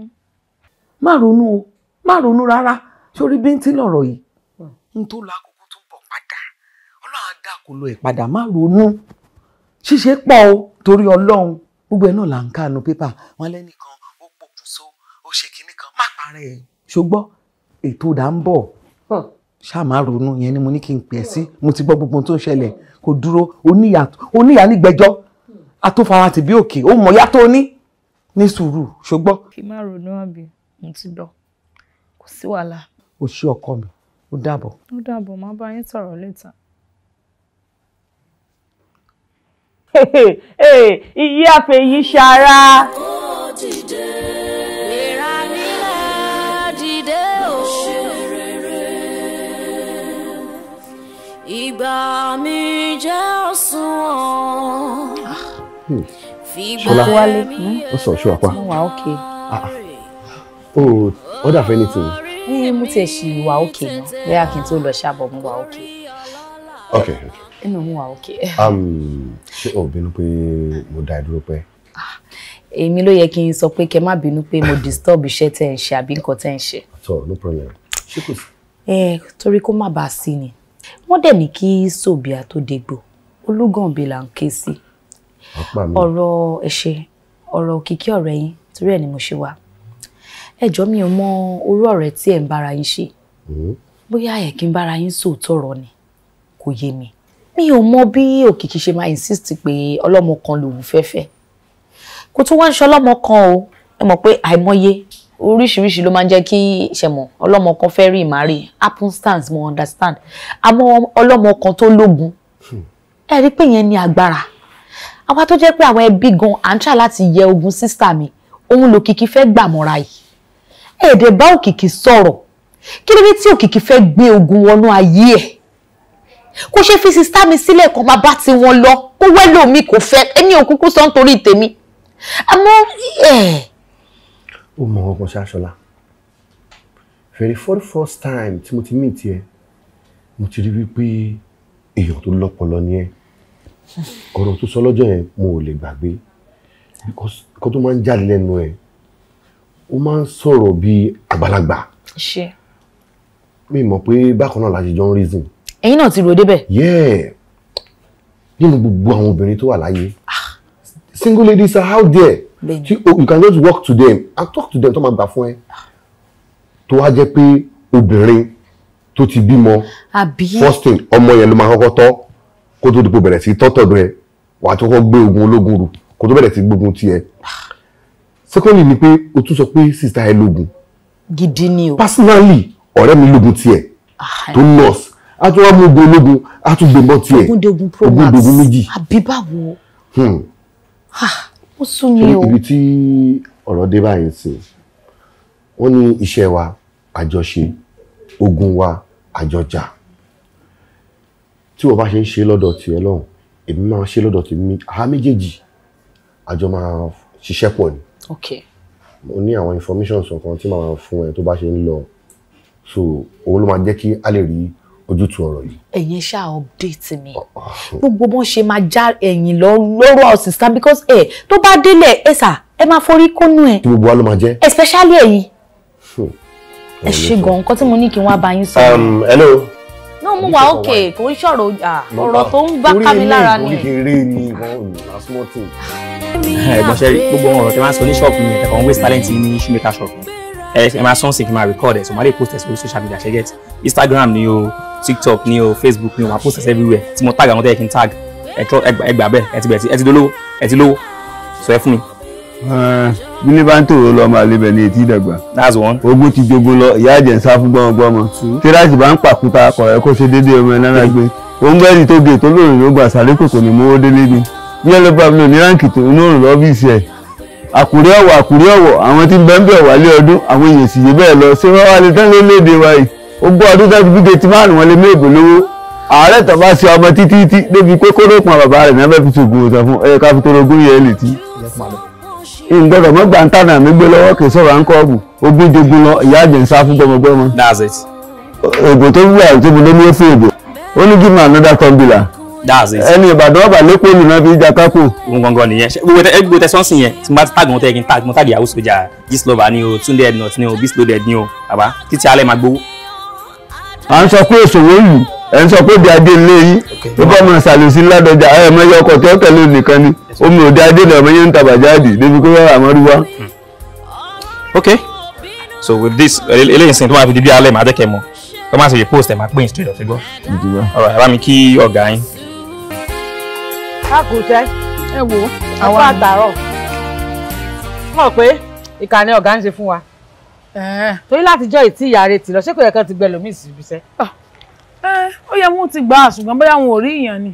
má ronú o má ronú rárá sórí bíntín lọ̀rọ̀ yìí. n tó la àkókò tó ń bọ̀ padà ọlọ́run á dá kó lo ìpadà má ronú ṣíṣe pọ̀ o torí ọlọ́run gbogbo ẹ̀ náà là ń kánu pépà wọn lẹ́nìkan ara ẹ̀ ṣùgbọ́n ètò ìdá ń bọ̀ hmm. ṣáàmà ronú yẹn ni mo ní kí n pè ẹ́ sí hmm. mo ti gbọ́ gbogbo ohun tó ń ṣẹlẹ̀ kò dúró oníyà nígbẹ́jọ́ hmm. atófaratì bí òkè ó mọ̀ yá tó ní ní sùúrù ṣùgbọ́n. kí má ronú àbí mo ti lọ kò sí wàhálà. o ṣe ọkọ mi ó dàbọ̀. ó dàbọ̀ má bá yín sọ̀rọ̀ létà. iye àfẹ̀yí ṣara. ó ti dé. ìgbà mi jẹ́ òṣùwọ̀n. Ṣọlá Wálé ó sọ ṣọ apá. Mo wà ókè. O order for anything. Ee mo tiẹ̀ ṣì wà ókè náà bóyá kí n tó lọ ṣàbọ̀ mo wà ókè. Ok. Inú mo wà ókè. Um, ṣé o bínú pé mo dá ẹ dúró pẹ́? Ah, èmi ló yẹ kí n sọ pé kẹ́ má bínú pé mo disturb iṣẹ́ tẹ̀ ń ṣe àbí nǹkan tẹ̀ ń ṣe. Àtọ̀ no problem. Ṣé kò sí? Ẹ eh, torí kó má bàa sí ni wọ́n dẹ̀ ní kí sòbíà tó dégbò olúgànbí là ń ké sí ọ̀rọ̀ ẹ̀ṣẹ̀ ọ̀rọ̀ òkìkí ọ̀rẹ́ yín torí ẹ̀ ni mo ṣe wá ẹjọ́ mi ò mọ orú ọ̀rẹ́ tí ẹ̀ ń bára yín ṣe mm-hmm. bóyá ẹ̀ kí n bára yín sòótọ́ ọ̀rọ̀ ni kò yé mi mi ò mọ bí òkìkí ṣe máa insist pé ọlọ́mọ kan lòun fẹ́fẹ́ kò tún wá ń ṣe ọlọ́mọ kan o ẹ mọ̀ pé àìmọye oríṣiríṣi ló máa ń jẹ́ kí ṣẹ̀mọ̀ ọlọ́mọ kan fẹ́ rí ìmárì happenstance mo understand àmọ́ ọlọ́mọ kan tó lógun hmm. ẹ rí pé yẹn ní agbára àwa tó jẹ́ pé àwọn ẹbí gan à ń try láti yẹ ogun sísà mi òun lòkìkí fẹ́ gbà mọ́ra yìí ẹ̀ẹ́dẹ̀ bá òkìkí sọ̀rọ̀ kí ló dé tí òkìkí fẹ́ gbé ogun wọnú ayé ẹ̀ kò ṣe fi sísá mi sílẹ̀ kan máa bá tiwọn lọ kó wẹ́lò mi kò fẹ́ ẹni òkúkú sọ nítorí tèmi àmọ́ ẹ̀ẹ́ ó mọ ọkàn ṣáṣọlá for the very first time tí mo ti meet ẹ mo ti rí wípé èèyàn tó lọ́pọlọ ni ẹ ọ̀rọ̀ tó sọ lọ́jọ́ yẹn mo ò lè gbàgbé because tó máa ń jáde lẹ́nu ẹ ó máa ń sọ̀rọ̀ bí àgbàlagbà ṣe mi mọ̀ pé bákan náà la jọ ń reason ẹ̀yin náà ti rò débẹ̀ nínú gbogbo àwọn obìnrin tó wà láyé ah. single ladies are out there tí you can just walk to them and talk to them tó máa gbà fún ẹ tó wá jẹ́ pé obìnrin tó ti bímọ first thing ọmọ yẹn ló máa kọ́kọ́ tọ́ kó tó dìbò bẹ̀rẹ̀ sí tọ́tọ̀ rẹ wàá tó kọ́ gbé ogun ológun rù kó tó bẹ̀rẹ̀ sí gbógun tiẹ̀ secondly ni pé o tún sọ pé sister ẹ lógun gidi ni o personally ọ̀rẹ́ mi lógun tiẹ̀ ah, tó nurse a tún wá mú ogun ológun a tún gbé mọ́ tiẹ̀ ogun dogun méjì àbí báwo. Hmm ó sú mi o. ibi tí ọ̀rọ̀ dé báyìí sí wọ́n ní iṣẹ́ wa àjọṣe ogun wa àjọjà tí wọ́n bá ṣe ń ṣe lọ́dọ̀ tiẹ̀ lọ́hùn èmi máa ṣe lọ́dọ̀ tèmi àá méjèèjì àjọ máa ṣiṣẹ́ pọ̀ ni. okay. mo ní àwọn information kan tí màá fún ẹ tó bá ṣe ń lọ so òun ló máa jẹ́ kí a lè rí ojútùú ọ̀rọ̀ yìí. ẹ̀yin ṣáà update mi ah, ah, gbogbo bọ́n ṣe máa já ẹ̀yìn lọ lọ́rọ̀ sista because ẹ̀ eh, tó bá délẹ̀ ẹ̀ sà ẹ máa forí kónú ẹ̀. kí gbogbo wa ló máa jẹ́. especially ẹ̀yin. ẹ ṣe gan nǹkan tí mo ní kí n wá bá yín sọ. Um, hello. náà mo wà òkè kò ń ṣọ̀rọ̀ ọ̀rọ̀ tó ń bá kámi lára ni. orí ilé ìlú orí kéré ni ọ̀nà small thing. ẹ gbọ́n ṣe gbogbo ọ̀rọ̀ tí wọ́n á sọ ní ṣọ́ọ̀bù yẹn ẹ̀kọ́ ń waste ẹ máa sọ́n sí kí n máa record ẹ̀ so máa lè post ẹ̀ sórí social media ṣe get instagram ni o tiktok ni o facebook ni o máa post ẹ̀ everywhere tí mo tag àwọn tẹ́lẹ̀ kí n tag ẹ gbà bẹ́ẹ̀ ẹ ti bẹ̀rẹ̀ ẹ ti dolówó ẹ ti lówó sọ ẹ fún mi. Eh, bí ní bá ń tòrò lọ máa lébẹ̀ ní etí ìdàgbà. that's one. ogun ti jogun lọ ìyá àjẹ́ ń sá fún gbọ́mọgbọ́mọ. tí láti bá ń pàkúta kọ̀rọ̀ kó ṣe déédéé ọmọ ẹlẹ́rìn àgbẹ̀. òun bẹ́ẹ̀ni tó gé tó lóòrùn ló gbà sálẹ́ kòkò ní mówó délé ni. bí ẹlẹ́pàá mi ò ní ráǹkì tó ń lóòrùn lọ́fíìsì ẹ̀ àkùrẹ́ ọ̀wọ̀ àkùrẹ́ ọ̀wọ̀ àwọn tí ń bẹ́ ń bẹ̀ wálé ọdún àwọn èèyàn sì yé bẹ́ẹ̀ lọ ṣé wọ́n wá lè tán lórílẹ̀‐èdè wa yìí ogún ọdún tó fi gbígbé tí márùn wọn lè mú èbò lówó ààrẹ tó bá ṣe ọmọ títí tí débi pé kó lóòpọn bàbá rẹ̀ náà bẹ́ẹ̀ fi ṣògùn òsàn fún ẹ̀ka fi tó rogún yẹn létí. ìgbọ́dọ̀ mọ́ gbàǹtànà mi gbé lọ́wọ́ kì í sọ̀rọ̀ à ń kọ́ọ̀bù ogún jogun lọ ìyá àjẹ́ ń sá fún gbọmọgbọmọ. èbò tó wúwà tó mi lé ní ó That's it. ẹni ìbàdàn ọba ló pé nìyẹn fi jà kápò. òun gangan nìyẹn gbogbo tẹsán sí yẹn tí mo bá ti táàgì wọn tẹ kí n táàgì mo táàgì yahoo soja gisloba ni o tunde ednut ni o bisloaded ni o bàbá títí alẹ́ máa gbowó. à ń sọ pé òṣòwò yìí ẹ̀ ń sọ pé òde adé ilé yìí ó bá ọmọ ṣàlùsí ládọjà ẹ̀ mẹ́yọ ọkọ̀ tí ó tẹ̀lé nìkan ni omi òde adé náà mẹ́yẹ ń tàbàjáde débi kó wà àmọ́ rí wá. Hmm. ok so with this eléyìí sin tó máa fi di bí alẹ́ màá jẹ́ kẹ́ mọ́ tó máa ṣe yẹ post ẹ̀ máa pín in straight ọ̀ṣẹ́gbọ́. ọ̀rọ̀ ẹ̀ bá mi kí ọ̀gá yín kákùsẹ́ ẹ wò àwa ẹ̀fọ́ àtàrọ̀ mọ̀ pé ìkànnì ọ̀gá ń ṣe fún wa torí láti jọ ìtí ìyá rẹ lọ ṣé kò ti gbẹ lòmíì sí ibiṣẹ́. Ah, eh, ó yẹ wọn ti gbà á ṣùgbọ́n bóyá wọn ò rí ìyàn ni.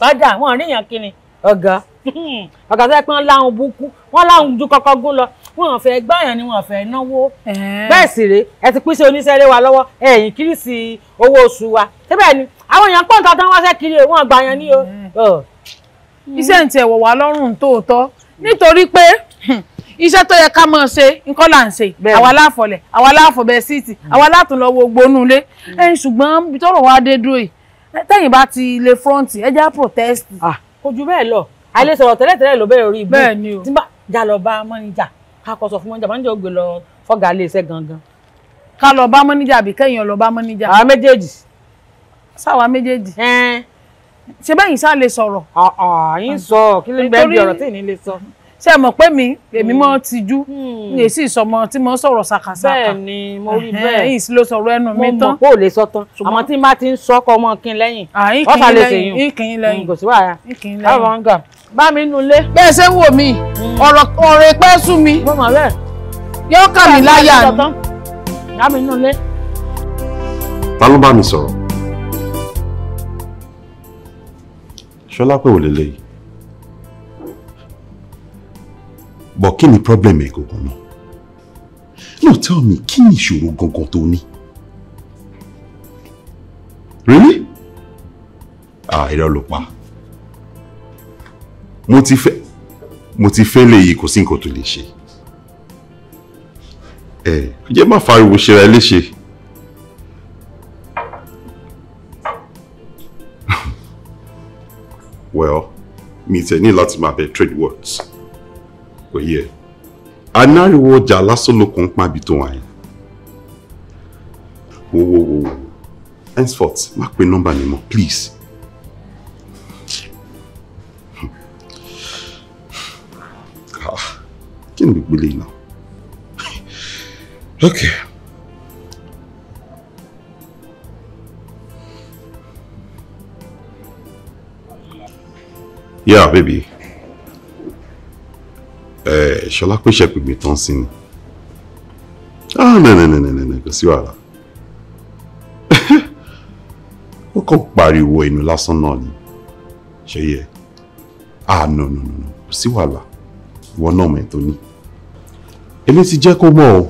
bàdà wọn ò rí ìyàn kí ni ọ̀gá hmm. ọ̀gá tó pé wọ́n láwọn búkú wọ́n láwọn ju kọ́kọ́ gún lọ wọ́n fẹ́ gbáyàn ni wọ́n fẹ́ náwó bẹ́ẹ̀ sì rèé ẹ ti pín sí oníṣẹ́ lé wa lọ́wọ́ ẹ̀yìn kìrìsì owó oṣù wa síbẹ̀ ni àwọn èèyàn pọ̀ nǹkan tán wá sẹ́ kiri wọn gbà yẹn ní o. Mm. iṣẹ́ ń tiẹ̀ wọ̀ wá lọ́rùn tóòtọ́ nítorí pé iṣẹ́ tó yẹ ká mọ̀ ṣe nǹkan là ń ṣe àwa láàfọ̀lẹ̀ àwa láàfọ̀bẹ̀ síìtì mm. àwa látùn lọ́wọ́ gbónúlé mm. ẹ̀yìn ṣùgbọ́n ibi tọ́rọ̀ wá dé dúró yìí tẹ́yìn bá ti lè fọ́ǹtì ẹ já protest. kò jù bẹ́ẹ̀ lọ àìlè sọ̀rọ̀ tẹ́lẹ̀tẹ́lẹ̀ ló bẹ̀rẹ̀ orí ibi bẹ́ẹ̀ ni o tí bá jà lọ bá mọ́níjà ká kọ sọ fún mọ́níjà mọ́níjà ó gbé lọ fọ́gà ilé iṣẹ́ gangan. ká lọ bá mọ́níjà àbí kẹ́yìn lọ mọ́níjà. àwọn méjèèjì sáwa méjèèjì ṣe báyìí sá lè sọ̀rọ̀. yín sọ kí ló ń bẹ́ẹ̀ bí ọ̀rọ̀ tí ìní lè sọ. ṣé ẹ mọ̀ pé mi èmi mọ́ hmm. ti jú ní hmm. èsì ìsọmọ tí mo sọ̀rọ̀ ṣàkàṣàkà. bẹ́ẹ̀ ni mo rí bẹ́ẹ̀ yìí sí ló sọ̀rọ̀ ẹnu mi tán. mo mọ̀ pé ò lè sọ tán àmọ́ tí n bá ti ń sọ ọkọ ọmọ kí n lẹ́yìn. ọ̀sà lè ṣèyún ìkìn hmm, lẹ́yìn kò sí wàhálà káwọn ń gà bá mi nu ilé. bẹ́ẹ̀ ṣe wò mí ọ̀rọ̀ ìpẹ́ sú mi yóò kà mí láyà ni. bá mi nu ilé. ta ló bá mi sọ̀rọ̀? ṣọlá pé ò lè léyìí but kí ni problem ẹ̀ gangan náà no tell me kí ni ìṣòro gangan tó ní really ah irọ́ ló pa mo ti fẹ́ mo ti fẹ́ léyìí kò sí nǹkan tó lè ṣe eh, ẹ jẹ́ má fariwo ṣe ra ẹ léṣe. well mi tẹ̀ lot láti máa trade words kò yẹ anáriwo ọjà lásán ló kàn ń pàbí tó wáyé wo wo wo wo henceforth má my number, mi please. Ah, kí ni gbogbo eléyìí *laughs* okay. yeah baby Eh, shall I push pèmí with me ni ah no no no no no kò sí wàhálà *laughs* ó kàn pariwo inú lásán náà ni ṣe yẹ ah no no no kò sí wàhálà ìwọ náà mẹ tó ní èmi ti jẹ́ kó mọ̀ ọ́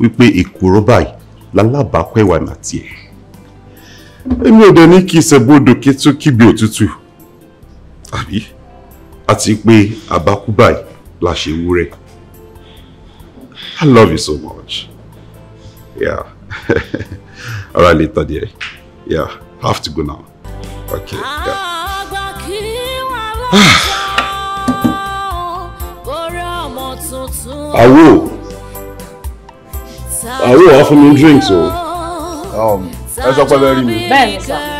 wípé ìkúrò báyìí lálábàápẹ́ I'm màtí ẹ̀ èmi ò dẹ̀ ní kí ìṣẹ́gbọ́dọ̀ kí tó kíbi òtútù àbí àti pé àbákúbà la ṣe wúrẹ́ I love you so much yeah all right later dear yeah have to go now okay yeah. àwo àwo wàá fún mi drinks o. ẹ sọ pé bẹ́ẹ̀ rí mi. bẹ́ẹ̀ ni sọ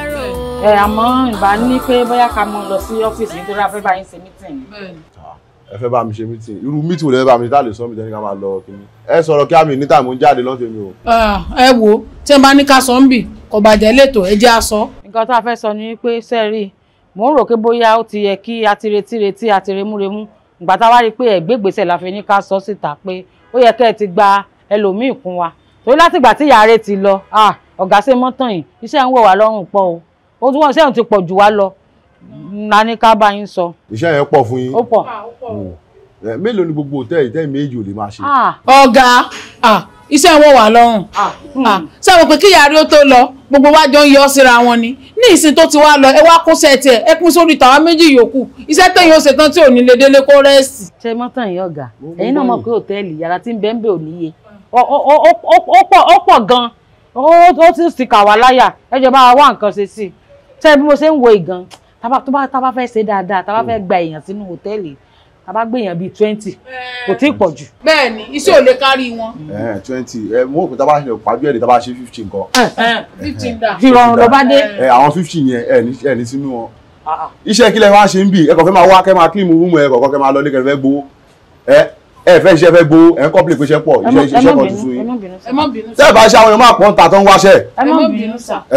ẹ àmọ́ ìbá ní pé bóyá ká mọ lọ sí ọ́fíìsì nítorí a fẹ́ bá yín ṣe mítìn. Ah, ẹ fẹ́ bá mi ṣe mítìn irú mítìn lè fẹ́ bá mi ṣe tá lè sọ mi tẹ́ni ká máa lọ kíní ẹ sọ̀rọ̀ kí àmì níta mò ń jáde lọ́tẹ̀ mi o. Ah, ẹ wo tí ẹ bá ní ká sọ ń bì kò bàjẹ́ lẹ́tọ̀ ẹ jẹ́ aṣọ. nǹkan tá a fẹ́ sọ ni pé sẹ́ẹ̀rì mò ń rò pé bóyá ó ti yẹ kí a ti retí retí a ti remúremú ìgbà tá a wá rí i pé ẹ̀gbẹ́gbèsè la fi ní ká sọ síta pé ó yẹ kẹ́ ẹ ti gba ẹlòmíì kún wa torí látìgbà tí ìyá ti lọ ah, ọ̀gá ṣe mọ́tàn yìí iṣẹ́ ń wọ̀ wá lọ́rùn pọ̀ o ó tún wọ́n sẹ́yìn ti pọ̀ jù wá lọ la ní ká bá yín sọ. iṣẹ́ yẹn pọ̀ fún yín. ó pọ̀ ah, hmm. mélòó ni gbogbo òtẹ́ẹ̀lì tẹ́ẹ̀ méjì ò lè máa ṣe. Ah. ọ̀gá ah, iṣẹ́ wọn wà lọ́rùn sẹ́wọ̀n hmm. pé kíyàrí ó tó lọ gbogbo wa jọ ń yọ síra wọn ni ní ìsìn tó ti wá lọ ẹ wá kó sẹ́ẹ̀tì ẹ pín sórí tàwa méjì yòókù iṣẹ́ tẹ̀yìn ó ṣetán tí ò ní lè délé kó rẹ́ẹ̀sì. ṣe mọ́tàn yìí ọ̀gá ẹ̀yin náà mọ̀ pé òtẹ́ẹ̀lì yàrá tí ń bẹ́ẹ̀ ń bẹ̀ ò níye ó pọ̀ gan-an ó ti sì kà wá láyà ẹ jọba wa nǹkan ṣe sí i sẹ́yìn bí mo ṣe ń wo ìgan tá bá fẹ́ ṣe dáadáa tá bá fẹ́ gba èèyàn sínú hòtẹ́ẹ̀lì tá bá gbé èèyàn bíi twenty kò tí ì pọ̀ jù. bẹ́ẹ̀ni iṣẹ́ ò lè kárí wọn. twenty ẹ mú òkú tá bá ṣe pàjọ ẹ̀ ní tá bá ṣe fifteen kan. fifteen dà ìrọ̀rùn ló bá eh àwọn fifteen yẹn ẹ ní sínú wọn. Ah, ah. iṣẹ́ kílẹ̀ wá ṣe ń bì ẹ kò fẹ́ máa wá kẹ́ máa kílìmù rúmù ẹ kọ̀ọ̀kan kẹ́ máa lọ lé kẹ́fẹ́ gbowó ẹ fẹ́ iṣẹ́ fẹ́ gbó ẹ ń kọ́pìlì pé iṣẹ́ pọ̀ iṣẹ́ iṣẹ́ kan tuntun yín tẹ́ẹ̀ bá ṣe àwọn èèyàn máa pọ̀ ń ta tó ń wáṣẹ́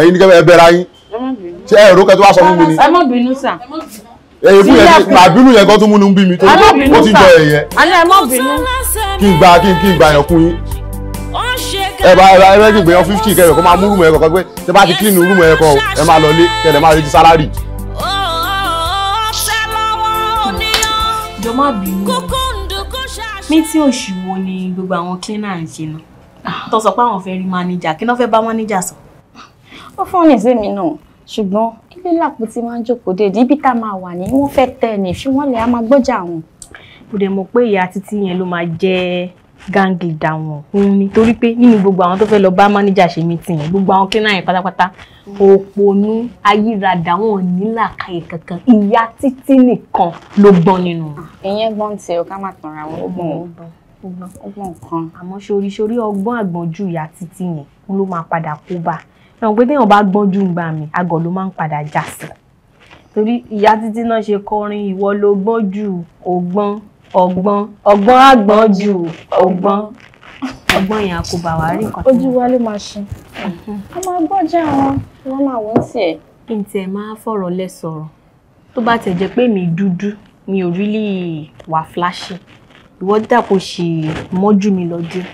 ẹ̀yin ní kẹ́ ẹ bẹ̀rẹ̀ ayín ṣé ẹ̀rọ kẹ́ tó wá sọ fún mi ni. ẹ má bínú sà. èyí fún yẹn màá bínú yẹn kan tó múnú bí mi tó ó ti jọ ẹ̀yẹ. àní ẹ má bínú. kí n gba kí n kí n gba yàn kún yín. ẹ bá ẹ bá ẹ bá kí n gbìyànjú fifty kẹrẹ kó máa mú rúmù yẹn kọ̀ọ̀kan pé tẹ bá ti clean rúmù yẹn kan ẹ máa lọ lé kẹlẹ máa retí sálárì. jọ má bínú ní tí oṣù wo ni gbogbo àwọn cleaner ń ṣe náà tó sọ pé àwọn fẹ́ rí manager kí náà fẹ́ bá manager sọ. ó fún ní sẹ́mi náà ṣùgbọ́n ilé làpótí máa ń jókòó dédé ibi tá a máa wà ní wọ́n fẹ́ tẹ̀ ní fi wọ́n lè á máa gbọ́jà wọn. kò dẹ̀ mọ̀ pé ìyá títí yẹn ló máa jẹ́ gang leader òun ni torí pé nínú gbogbo àwọn tó fẹ́ lọ bá mánéjà ṣe meeting yẹn gbogbo àwọn kílínà yẹn pátápátá òpònú ayírada wọn ò ní làákàyè kankan ìyá títí nìkan ló gbọ́n nínú. Ah, ìyẹn gbọ́n tiẹ̀ o ká má tanra wọn ó gbọ́n ó gbọ́n ọgbọ́n kan àmọ́ ṣoríṣorí ọgbọ́n àgbọ̀njú ìyá títí yẹn ló máa padà kó bá a àwọn pé téèyàn bá gbọ́njú gbà mí àgọ̀ ló máa ń padà já sí torí ìyá títí náà ṣe kọrin ìwọ ló gbọ́n jù ọgbọ́n ọgbọ́n ọgbọ́n àgbọ́n jù ọgbọ́n ọgbọ́n yẹn kò bá wa rí nǹkan tó ń bọ̀. ojú wa ló máa ṣe mhm. a máa gbọ́n jẹ́ àwọn wọn máa wọ́n tiẹ̀. kí n tiẹ̀ máa fọ̀rọ̀ lẹ sọ̀rọ̀ tó bá tẹ̀ jẹ́ pé mi dúdú mi ò rí lè wà flashy ìwọ dàpọ̀ ṣì mọ́jú mi lọ́jọ́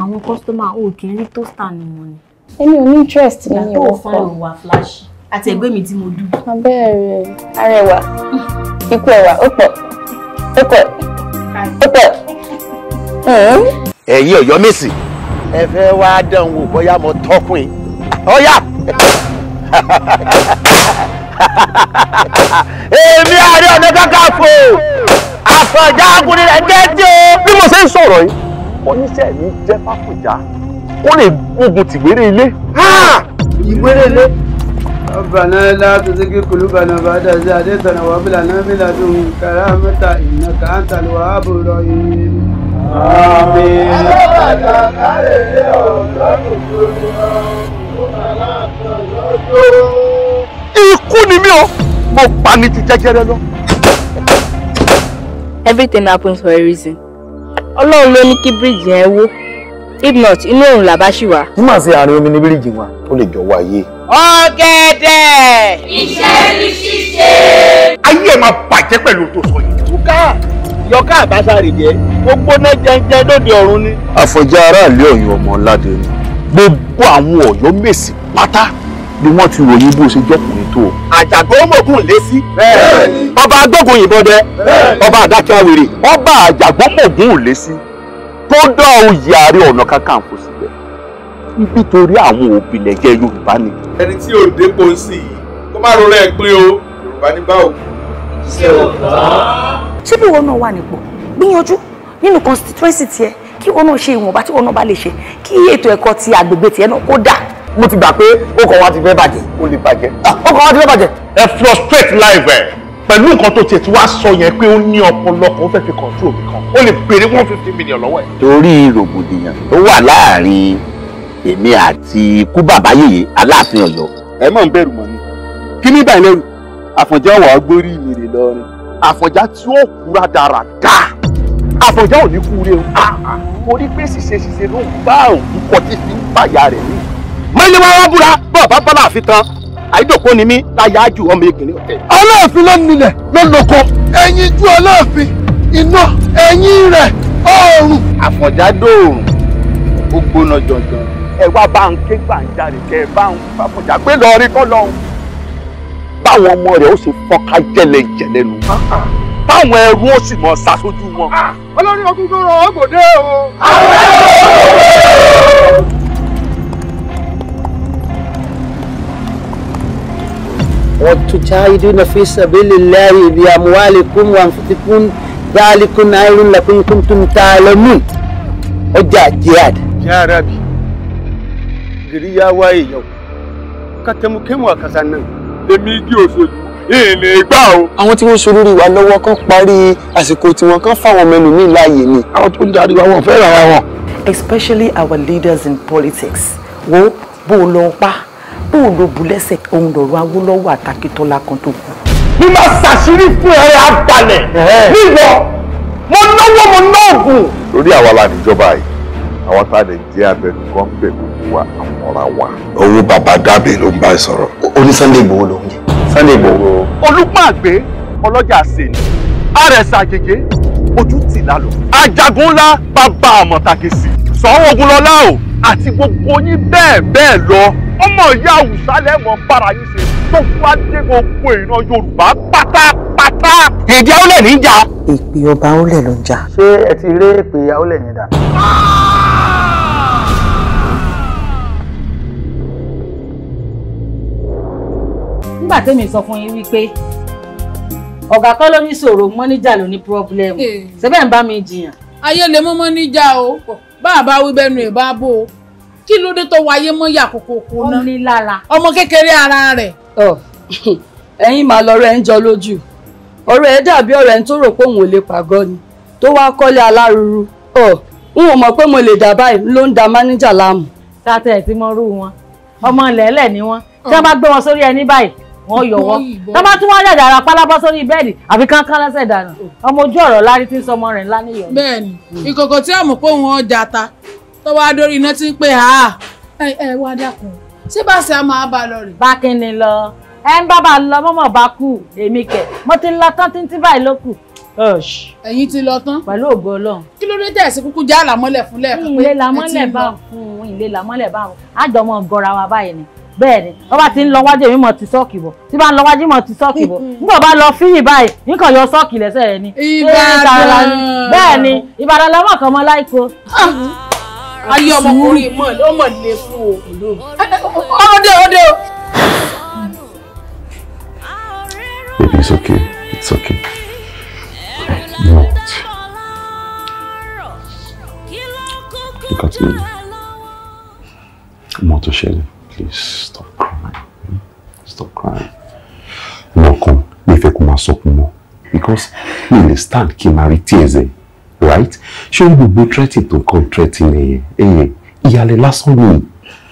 àwọn kọ́sítọ́mà ò kì í rí tó sàn nù ni èmi ò ní interest ní ìwọ kọ. ìyàtọ̀ fáwọn wa flash àti ẹgbẹ́ mi tí mo dùn. abẹ́rẹ́ arẹwà ikú ẹwà ó pọ̀ ó pọ̀ ó pọ̀. Hmm. ẹ̀yin ọ̀yọ́ mèsì ẹ fẹ́ wá dán wò bóyá mo tọ́kùn in ọ̀yà èmi Ààrẹ Ọ̀nà Kakanfò Àfọ̀njá Àgùnrin rẹ̀ jẹ́ tí o bí mo ṣe ń sọ̀rọ̀ yìí mo níṣẹ́ mi jẹ́ fáfùjá kó lè gbógun tìwéré ilé. ìwéré ilé. ọ̀bàná ilá kí kùlùbànà bá dàsí àdétọ̀nà wàbílà nàbílà tó ń kàrà mẹ́ta ìnà káńtà ló wà á bò rọ yìí. àmì. alábàtà kárẹ̀ ilé ọ̀dọ́rùn tó ní ọ̀dọ́ ikú ni mí o mo pa ni ti jẹjẹrẹ lọ. everything happens for a reason. ọlọ́run ló ní kí bíríìjì yẹn wó if not inú òrùn làbá ṣì wà. nígbà tí àárín omi ní bíríìjì wa ó lè jọ wá ayé. ọ̀gẹ̀dẹ̀. iṣẹ́ ní ṣíṣe. ayé ẹ̀ máa bàjẹ́ pẹ̀lú tó sọ yìí. túká yọká àbáṣárì jẹ gbogbo náà jẹjẹ lóde ọ̀run ni. àfọ̀já aráàlú ọ̀yọ́ ọmọ ọ̀làdé ni gbogbo àwọn ọ̀yọ́ mèsì pátá ni wọ́n ti ròyìn bó ṣe jọkùnrin tó. àjàgbó mògùn lésì. ọba adógun yìnbọn dẹ ọba àdákẹ́ àwèrè ọba àjàgbó mògùn lésì tó dá oyè Ààrẹ Ọ̀nà Kakanfò sílẹ̀ nítorí àwọn òbílẹ̀jẹ́ Yorùbá ni. ẹni tí ò dépò ń sì yìí kó má rọra ẹ̀ pín o Yorùbá ní báwo. ṣé o tán. ṣé bí ìwọ náà wà nípò gbìyànjú nínú constituency tiẹ̀ kí ìwọ náà ṣe ìwọ̀nba tí ìwọ náà bá lè ṣe kí ètò ẹ̀kọ́ ti àgbègbè tiẹ̀ náà kó dáa mo ti gbà pé ó kàn wá ti fẹ́ bàjẹ́ ó lè bàjẹ́ ó kàn wá ti fẹ́ bàjẹ́ ẹ frustrate life ẹ pẹ̀lú nǹkan tó tiẹ̀ ti wá sọ yẹn pé ó ní ọpọlọ kan ó fẹ́ fi control mi kan ó lè béèrè one fifty million lọ́wọ́ ẹ̀. torí rògbòdìyàn tó wà láàrin èmi àti ikú bàbá yèyé aláàfin Ọ̀yọ́. ẹ mọ̀ ń bẹ̀rù mọ́ ni kí ní báyìí lẹ́rù àfọ̀njá wàá gbórí ìmìrè lọ́rin àfọ̀njá tí ó kúra dáradá àfọ̀njá ò ní kú rẹ o ah, ah. torí pé ṣìṣe ṣìṣe ló ń bá òun kọtí fi ń bàyà rẹ̀ ní. mọ́ni àìdòkó ni mí láyà ájú ọmọ ìgbìnrin ọ̀tẹ̀. aláàfin ló nílẹ̀ ló lóko ẹ̀yin ju aláàfin iná ẹ̀yìn rẹ̀ ọ̀run. àfọ̀njá dòòrùn ó gbóná jọjọn ẹ wá bá ń ké gbàǹjarè kẹ ẹ bá ń fàfọ̀njá pé lọ́ọ̀rí kọ́ lọ́hùn. báwọn ọmọ rẹ̀ ó sì fọ́ká jẹ́lẹ̀jẹ̀lẹ̀ nù táwọn ẹrú ó sì mọ ṣàṣojú wọn. olórí ah, ọkùnrin tó rọ ọgbọ̀dé o. àwọn ẹrú ó وتجاهدون في سبيل الله بأموالكم وأنفسكم ذلكم خير لكم إن كنتم تعلمون ọjà jihad. ya rabi gari ya waye tẹmu kẹmu a kasan nan igi òṣòlù èèlè gbà o. àwọn tí wọ́n ṣòro wa lọ́wọ́ kan parí àsìkò tiwọn kan fáwọn mẹ́nu ní láàyè ni. àwọn tó ń darí wa wọn fẹ́ràn ara wọn. especially our leaders in politics wo bó o lọ pa tóun ló bu lẹ́sẹ̀ òun lọ̀rọ̀ Awólọ́wọ̀ àtàkìtọ́lá kan tó kù. mi máa ṣàṣírí fún ẹ àbàlẹ̀ nílọ mo náwó mo ná oògùn. lórí àwa la níjọba yìí àwọn tá a lè jẹ́ abẹnú kan bẹ̀ gbogbo wa àwọn ọ̀ra wa. owó bàbá dábì ló ń bá ẹ sọ̀rọ̀. oní Sunday Igboho ló ń jẹ. Sunday Igboho. olùpàgbé ọlọ́jà sèlú àrẹ̀sà gègé ojú tìlá lọ ajagun ńlá bàbá àmọ̀tàkì sí i. Ṣòun Ògúnlọlá o àti gbogbo yín bẹ́ẹ̀ bẹ́ẹ̀ lọ ọmọ ìyá àwùsá lẹ́wọ̀n para yín ṣe tó fún adé gbogbo ìran Yorùbá pátápátá. èdè Awólẹ̀ ní í jà. èpè ọba Awólẹ̀ ló ń jà. ṣé ẹ ti rí èpè Awólẹ̀ yẹn dà. nígbà tẹ́mi sọ fún yín wípé ọ̀gá kọ́ ló ní ṣòro mọ́níjà ló ní pírọ́bílẹ́mù ṣẹ́bẹ̀ ń bá mi jiyàn. ayé lè mú mọ́níjà o bàbá wí bẹnu ẹ̀ bá bò ó kí ló dé tó wáyé mọ́ yà kókó kó ná ó ní lára ọmọ kékeré ara rẹ̀. *laughs* ẹ̀yin màá lọ rẹ ń jọ lójú ọ̀rọ̀ ẹ̀ dàbí ọ̀rẹ́ ń tó rò pé òun ò lè pàgọ́ ni tó wá kọ́lé aláruru n ò mọ̀ pé mo lè dà báyìí ló ń da mánéjà láàmú. tàtẹ̀ tí mo rú wọn ọmọ ilẹ̀ ẹlẹ̀ ni wọ́n tí wọ́n bá gbé wọn sórí ẹni báyìí wọ́n yọwọ́ tó bá tún wọ́n dẹ̀dà ara pálábọ́ sórí bẹ́ẹ̀dì àfi kánkán lẹ́sẹ̀ dànù ọmọ ojú ọ̀rọ̀ lárí tí ń sọmọ rẹ̀ ńlá níyọ̀. bẹ́ẹ̀ni hmm. ìkòkò tí àmọ pé òun ọjà ta tó wá dórí iná ti ń pè á ẹ ẹ wá dákun ṣé bá ṣe á máa bá lọ rè. bá kí ni lọ ẹ ń bábà lọ mọ́mọ́ bá kú èmi kẹ̀ mo ti lọ tán títí báyìí ló kù. ẹ̀yin ti lọ tán. pẹ̀lú ògo Ọlọ́run. kí ló dé tẹ̀sí kúkú já làmọ́lẹ̀ fún lẹ́ẹ̀kan pé ẹ ti lọ bẹ́ẹ̀ ni wọ́n bá ti ń lọ wájú èmi mọ̀ ti sọ́ọ̀kì bọ̀ tí bá ń lọ wájú mọ̀ ti sọ́ọ̀kì bọ̀ nígbà bá lọ fíyìn báyìí nǹkan yọ sọ́ọ̀kì lẹ́sẹ̀ rẹ ni. Ìbàdàn bẹ́ẹ̀ ni Ìbàdàn lọ́mọ kan mọ láìko. ayé ọmọkùnrin mọ̀ ló mọ̀ lè fún o. ọdẹ ọdẹ. Baby, it's okay. It's okay. What? Look at me. I'm not ashamed please stop crying stop crying No come. mi fẹ́ kó máa sọkún mọ́ because mi understand. stand kí n máa rí tears ẹ right ṣé ní gbogbo threatening tó kàn threatening ẹ yẹn ìyàlẹ̀ lásán ni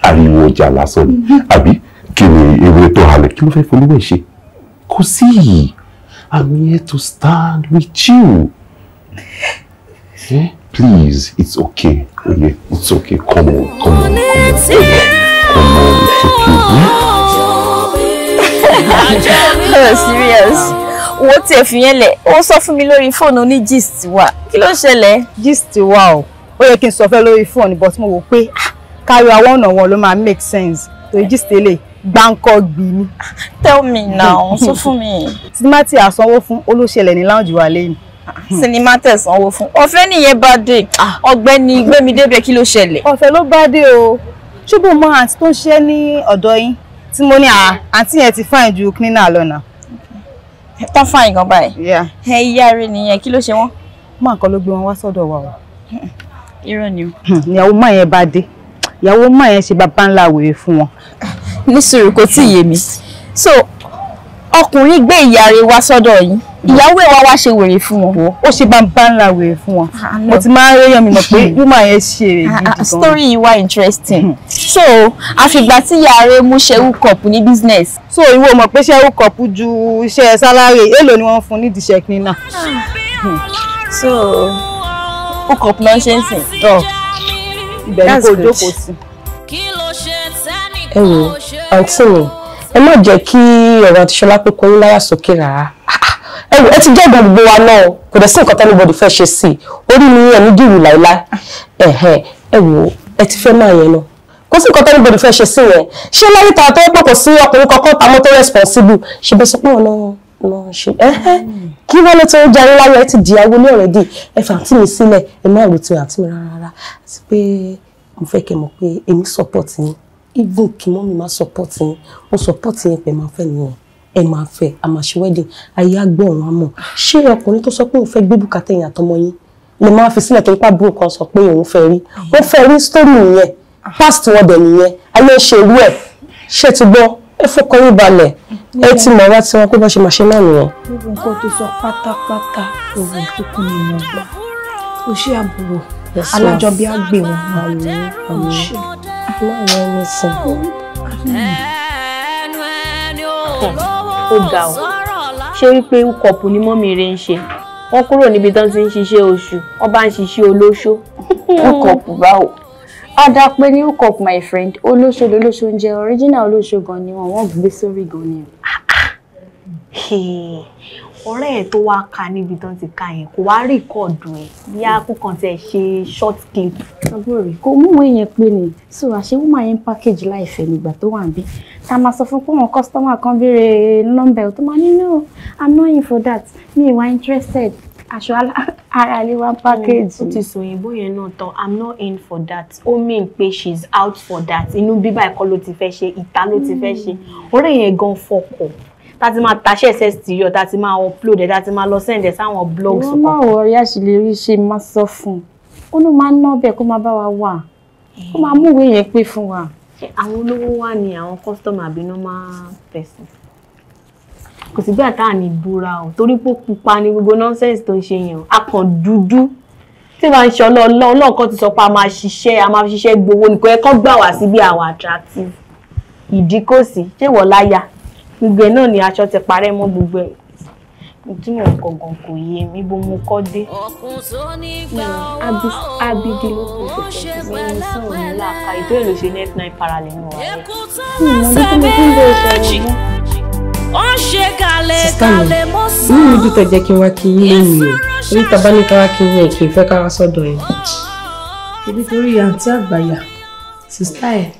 ariwo ọjà lásán ni àbí kí ni ewé tó halẹ̀ kí ló fẹ́ folúwẹ̀ ṣe kò sí I'm here to stand with you. Yeah? Please, it's okay. Oh, yeah, it's okay. Come on, come on, come on ọmọ serious wo tí ẹ fi yẹn lẹ ó sọ fún mi lórí fóònù ní gist wa kí ló ṣẹlẹ̀. gist wa o ó yẹ kí n sọ fẹ́ lórí fóònù but mo wò pé ah, kárí àwọn ọ̀nà wọn ló máa make sense torí gist eléyìí gbáǹkọ gbì mí. tell me now sọ fún mi. sinimá tí a sanwó fún olóṣèlè ní lounge wa lẹ́yìn. *laughs* sinimá tẹ̀ sanwó fún ọ̀fẹ́ nìyẹn bá dé ah. ọ̀gbẹ́ni gbẹ́mídébẹ̀ kí ló ṣẹlẹ̀. ọ̀fẹ́ ló bá dé o ṣùgbọ́n mọ àǹtí tó ń ṣe ní ọ̀dọ̀ yín tí mo ní àǹtí yẹn ti fáìn ju cleaner lọ nà. tán fáìn gan báyìí. ẹ ìyá rẹ nìyẹn kí ló ṣe wọn. máa kọ́ ló gbé wọn wá sọ́dọ̀ wa o. irọ́ ni o. Hmm, ìyàwó máa yẹn bá dé ìyàwó máa yẹn ṣe bàbá ńlá wèrè fún wọn. nísìrì kò tí ì yé mi so ọkùnrin gbé ìyá rẹ wá sọ́dọ̀ yín ìyàwó ẹ̀ wá wá ṣe wèrè fún wọn ó ṣe bàbá ńlá wèrè fún wọn ah, mo ti máa ń réyàn mi mọ̀ pé hmm. woman yẹn ṣe èrè ah, gidi ah, gan. story yìí wá interesting mm. so àfìgbà tí yàrá mú ṣẹ́wù cup ní business. so ìwọ mọ̀ pé ṣẹ́wù cup ju iṣẹ́ sálárì èèlò ni wọ́n fún nídìí iṣẹ́ cleaner. Hmm. so ó cup náà ṣe ń sìn. ibẹ̀ ni kò jókòó sí. ẹ wo àǹtí mi ẹ má jẹ́ kí ọ̀rọ̀ àti ṣọlá pé kò ń sókè rárá ẹwù ẹ ti jẹ́gbọ́n gbogbo wa náà kò dẹ̀ sí nǹkan tẹ́lẹ̀ bọ́dì fẹ́ ṣe sí i orí mi ẹni dìrù láìláì ẹ̀hẹ̀ ẹwù ẹ ti fẹ́ máa yẹn náà kò sí nǹkan tẹ́lẹ̀ bọ́dì fẹ́ ṣe sí yẹn ṣé lẹ́yìn tàà tó pọ̀ kò sí ọkùnrin kankan pamọ́ tó responsible ṣe bẹ́ẹ̀ sọ pé ọ̀nà lọ ṣe ẹ̀hẹ̀ kí wọ́n lè tó jarí láyọ̀ ẹ ti di awo ní ọ̀rẹ́ dì ẹ fà tí mi sílẹ̀ ẹ mi rárá mi má support yín mo support yín pé máa ẹ máa fẹ́ a máa ṣe wedding ayé á gbọ́ ọ̀run á mọ̀ ṣé ọkùnrin tó sọ pé òun fẹ́ gbé bùkátà ẹ̀yìn àtọmọ yín lè máa fi sílẹ̀ tó ń pa búrò kan sọ pé òun fẹ́ rí wọ́n fẹ́ rí story nìyẹn past wọn dẹ̀ nìyẹn ayé ṣe irú ẹ̀ ṣé ti gbọ́ ẹ fọkàn yín balẹ̀ ẹ ti mọ̀ wá tí wọn pé bá ṣe máa ṣe náà nìyẹn. gbogbo nǹkan tó sọ pátápátá òun tó kún ni mo gbà ó ṣe àbúrò alájọbí á gbé wọn máa lò ó ó ga ọ ṣé wípé ukọ̀pù ni mọ́mí rẹ̀ ń ṣe wọ́n kúrò níbi tán ti ń ṣiṣẹ́ oṣù wọ́n bá ń ṣiṣẹ́ olóṣó. ukọ̀pù *laughs* báwo a dá pé ní ukọ̀pù my friend olóṣó lolóṣó ń jẹ original olóṣó gan ni wọn wọ́n gbé sórí gan ni ọ̀rẹ́ ẹ̀ tó wá ka níbi tán ti ka yẹn kò wá rìkọ̀dù ẹ̀ bí akókan tẹ̀ ṣe short clip. agbóore kò mú òun yẹn pé ni so àṣé wọ́n máa yẹn package láìfẹ́ nígbà tó wà níbí tá a máa sọ fún pé wọn customer kan béèrè nọ́mbà ẹ̀ tó máa ní no i'm not in for that Me, I'm wá interested aṣọ ara lè wá package. O ti sòyìn bóyẹn náà tán i'm not in for that O mean pé she's out for that inú bíbá ẹ̀kọ́ ló ti fẹ́ ṣe ìta ló ti fẹ́ ṣe hmm. ọ̀rẹ́ yẹn gan fọkọ̀ tá ti máa taṣẹ́ ẹsẹ̀ stereo tá ti máa upload ẹ̀ tá ti máa lọ send ẹ̀ sáwọn blogs. wọ́n máa wọ ọ̀rẹ́ àṣìlérí ṣe máa sọ fún un ó ló máa ń ná bẹ́ẹ̀ kó máa bá wa wà kó máa mú ìwé yẹn pé fún wa. àwọn olówó wà ní àwọn customer àbí normal person kò sí gbà tá à ní búra o torí pé pupa ni gbogbo nonsense tó ń ṣe yẹn akàn dúdú tí wàá ń ṣe ọlọ́ọ̀lọ́ ọlọ́ọ̀kan ti sọ pé a máa ṣiṣẹ́ a máa ṣiṣẹ́ gbowó nìkan ẹ̀kọ́ gbà wá sí bí àwọn attractive ìdí kò sí ṣé wọ́n láyà gbogbo ẹ̀ náà ni aṣọ ti parẹ́ mọ́ gbogbo ẹ̀ tí mò ń kọ gan kò yé mi bó mo kọ́ dé. abidi ló kó tètè sí mi sí òun ní làákà ìtò èlò ṣe net nine parallel ní wàhálà. ìmọ̀ bí mo ti ń bẹ ìṣòro mọ́. sísá mi inú mi dùn tẹ̀ jẹ́ kí n wá kí yín lẹ́yìn o orí tàbá ní ká wá kí yín ẹ̀ kì í fẹ́ ká wá sọ́dọ̀ ẹ̀. ebi torí àǹtí àgbàyà sísá ẹ̀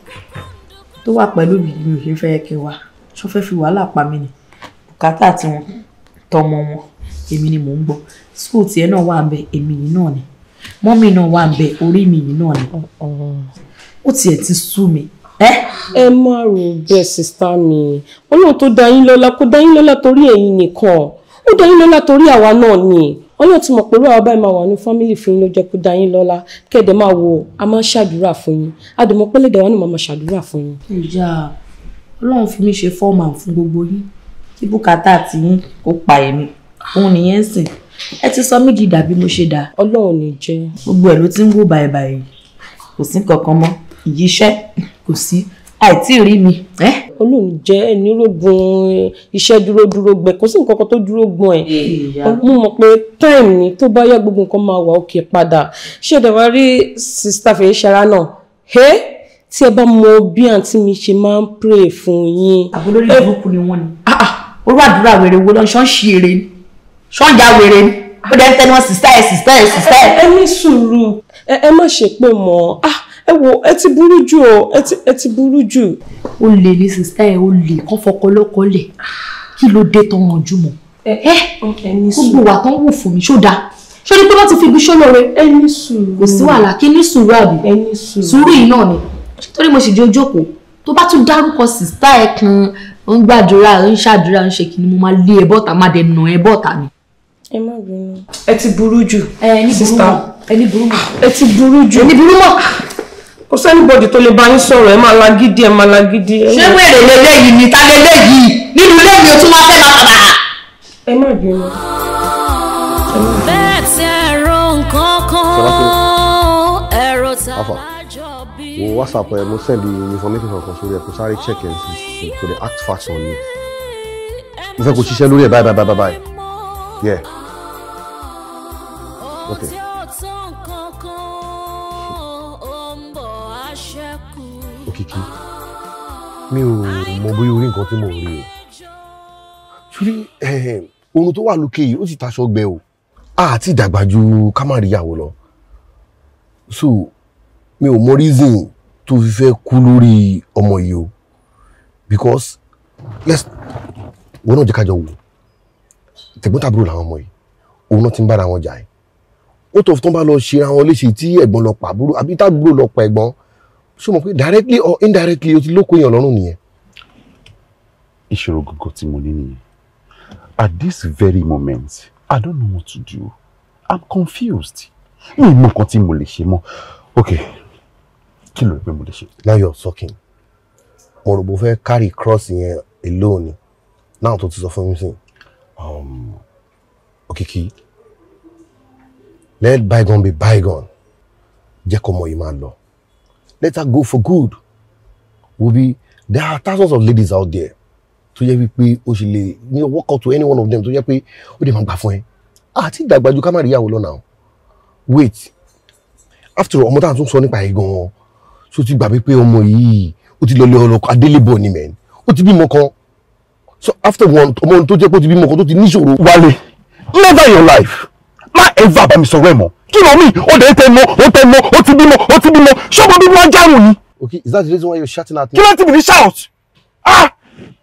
tó wà pẹ̀lú mi ni mi ò ṣe fẹ́ kí n wá sọ fẹ́ fi wàhálà pa mí ni bùkátà tiwọn tọmọ wọn èmi ni mò ń gbọ́ school tiẹ̀ náà wà ń bẹ èmi yìí náà ni mọ́mì náà wà ń bẹ mi yìí náà ni ó tiẹ̀ ti sú mi ẹ má rò bẹ́ẹ̀ sista mi ọlọ́run tó dá yín lọ́lá kó dá yín lọ́lá torí ẹ̀yin nìkan ó dá yín lọ́lá torí àwa náà ni ọlọ́run ti mọ̀ pé àwọn báyìí máa wà ní fámìlì fún yín ló jẹ́ kó dá yín lọ́lá kẹ́ẹ̀dẹ̀ máa wo a máa ń ṣàdúrà fún yín àdùnmọ́pẹ́lẹ́dẹ̀ wa náà máa ṣàdúrà fún yín. ìyá ọlọ́run fi mí ṣe fọ́ọ̀mù fún gbogbo yín kí bùkátà tí yín kó pa èmi òun nìyẹn sìn ẹ ti sọ mí di dà bí mo ṣe dà. ọlọ́run ní jẹ́. gbogbo ẹ̀ ló ti ń wò bàìbàì kò sí kankan mọ́ ìyí iṣẹ́ kò sí àìtí rí mi. ọlọ́run jẹ́ ẹni rógun iṣẹ́ dúró dúró gbẹ kò sí nǹkan kan tó dúró gbọ́n ẹ̀ mo mọ̀ pé time ni tó bá yá gbogbo nǹkan máa wà òkè padà ṣé ẹ̀dá wa rí sista fèyí ṣara náà tí ẹ bá mọ bí àǹtí mi ṣe máa ń pray fún yín. àbúrò lórí ìbùkù ni wọ́n ni. Ah, ah, orú àdúrà wèrè wo lọ ṣọ́n ṣì èrè ni ṣọ́n já wèrè ni ó dẹ́ ń tẹnu wọn sister ẹ̀ sister ẹ̀ sister ẹ̀. ẹ ní sùúrù ẹ má ṣe pé mọ ah, ẹ wo ẹ ti burú jù o ẹ ti burú jù. ó lè ní sister ẹ ó lè kán fọkọ lọkọ lẹ kí ló dé tó ràn jù mọ. ẹ ẹ gbogbo wa tó ń wò fún mi ṣó dáa ṣó ní pé wọ́n ti fi ibi ṣó lóore. ẹ ní sùúrù kò sí wàhálà kí ní sùúrù àbí sùúrù yìí náà ni torí mo sì jẹ́ ojókòó tó bá tún dárúkọ sìstá ẹ̀ kan ó ń gbàdúrà ó ń ṣàdúrà ó ń ṣe kí ni mo máa lé ẹ bọ́ta máa dẹ̀ nà ẹ bọ́ta ni. ẹ má bínú. ẹ ti burú jù. ẹ ní burú mọ́ ẹ ní burú mọ́. ẹ ti burú jù. ẹ ní burú mọ́. kò sẹ́nibọ̀dì tó lè bá yín sọ̀rọ̀ ẹ máa lagídí ẹ máa lagídí. ṣé wèrè lélẹ́yìí ni ta lélẹ́yìí nínú ilé mi tún wá fẹ́ máa bàbà. ẹ má bínú. bẹ́ẹ̀ tí ẹ nǹkan kan ẹ̀rọ ta wo whatsapp ẹ mo send the information kankan sórí ẹ kó sáré check ẹ sí kò lè act fast on me mo fẹ́ kó ṣiṣẹ́ lórí ẹ bye bye bye bye yeah okay. Òkìkí mi ò mọ bóyá orí nǹkan tí mo rí o torí eh, oorun tó wà lókè yìí ó sì taṣọ gbẹ o a ti dàgbà ju ká má lọ so mi ò mọ reason tó fi fẹ́ kú lórí ọmọ yìí o because let's wọn náà jẹ́ kájọ wò tẹ̀gbọ́ntàbúrò làwọn ọmọ yìí òun náà ti ń bára wọn jà ẹ́ ó tó tó ń bá lọ ṣe ara wọn léṣe tí ẹ̀gbọ́n lọ pa àbúrò àbí tábúrò lọ pa ẹ̀gbọ́n ṣó mọ̀ pé directly or indirectly o ti lóko èèyàn lọ́rùn nìyẹn. ìṣòro gọ́gọ́ tí mo ní nìyẹn at this very moment i don't know what to do i'm confused mi ò mọ nǹkan tí mo lè ṣe mọ́ okay kí ló ń mo lè ṣe. now you are talking mo rò bó fẹ́ carry cross yẹn alone Now, náà tó ti sọ fún mi sìn. Um, Òkìkí let bygone be bygone jẹ́ kó mọ̀ yìí máa lọ let her go for good will be there are thousands of ladies out there tó yẹ wípé o ṣe lè ní walk out to any one of them tó yẹ pé ó dẹ̀ máa gbà fún ẹ àti ìdàgbàjú ká má rí ìyàwó lọ́nà wait after all ọmọ táwọn tún sọ nípa ẹ̀ gan-an so ti gbàgbé pé ọmọ yìí ó ti lọlé ọlọkọ adélébọ ni mẹ ó ti bímọ kan so after one ọmọ tó jẹ́ pé ó ti bímọ kan tó ti níṣòro. wálé never in your life má ever bá mi sọ̀rọ̀ ẹ̀ mọ́ kí ló mi ó dẹ̀ tẹ mọ́ ó tẹ mọ́ ó ti bímọ ó ti bímọ ṣọ́gbọ́n bí wọ́n járùn ni. okay is that the reason why you shouting at me. kí ló ti bìrì shout ah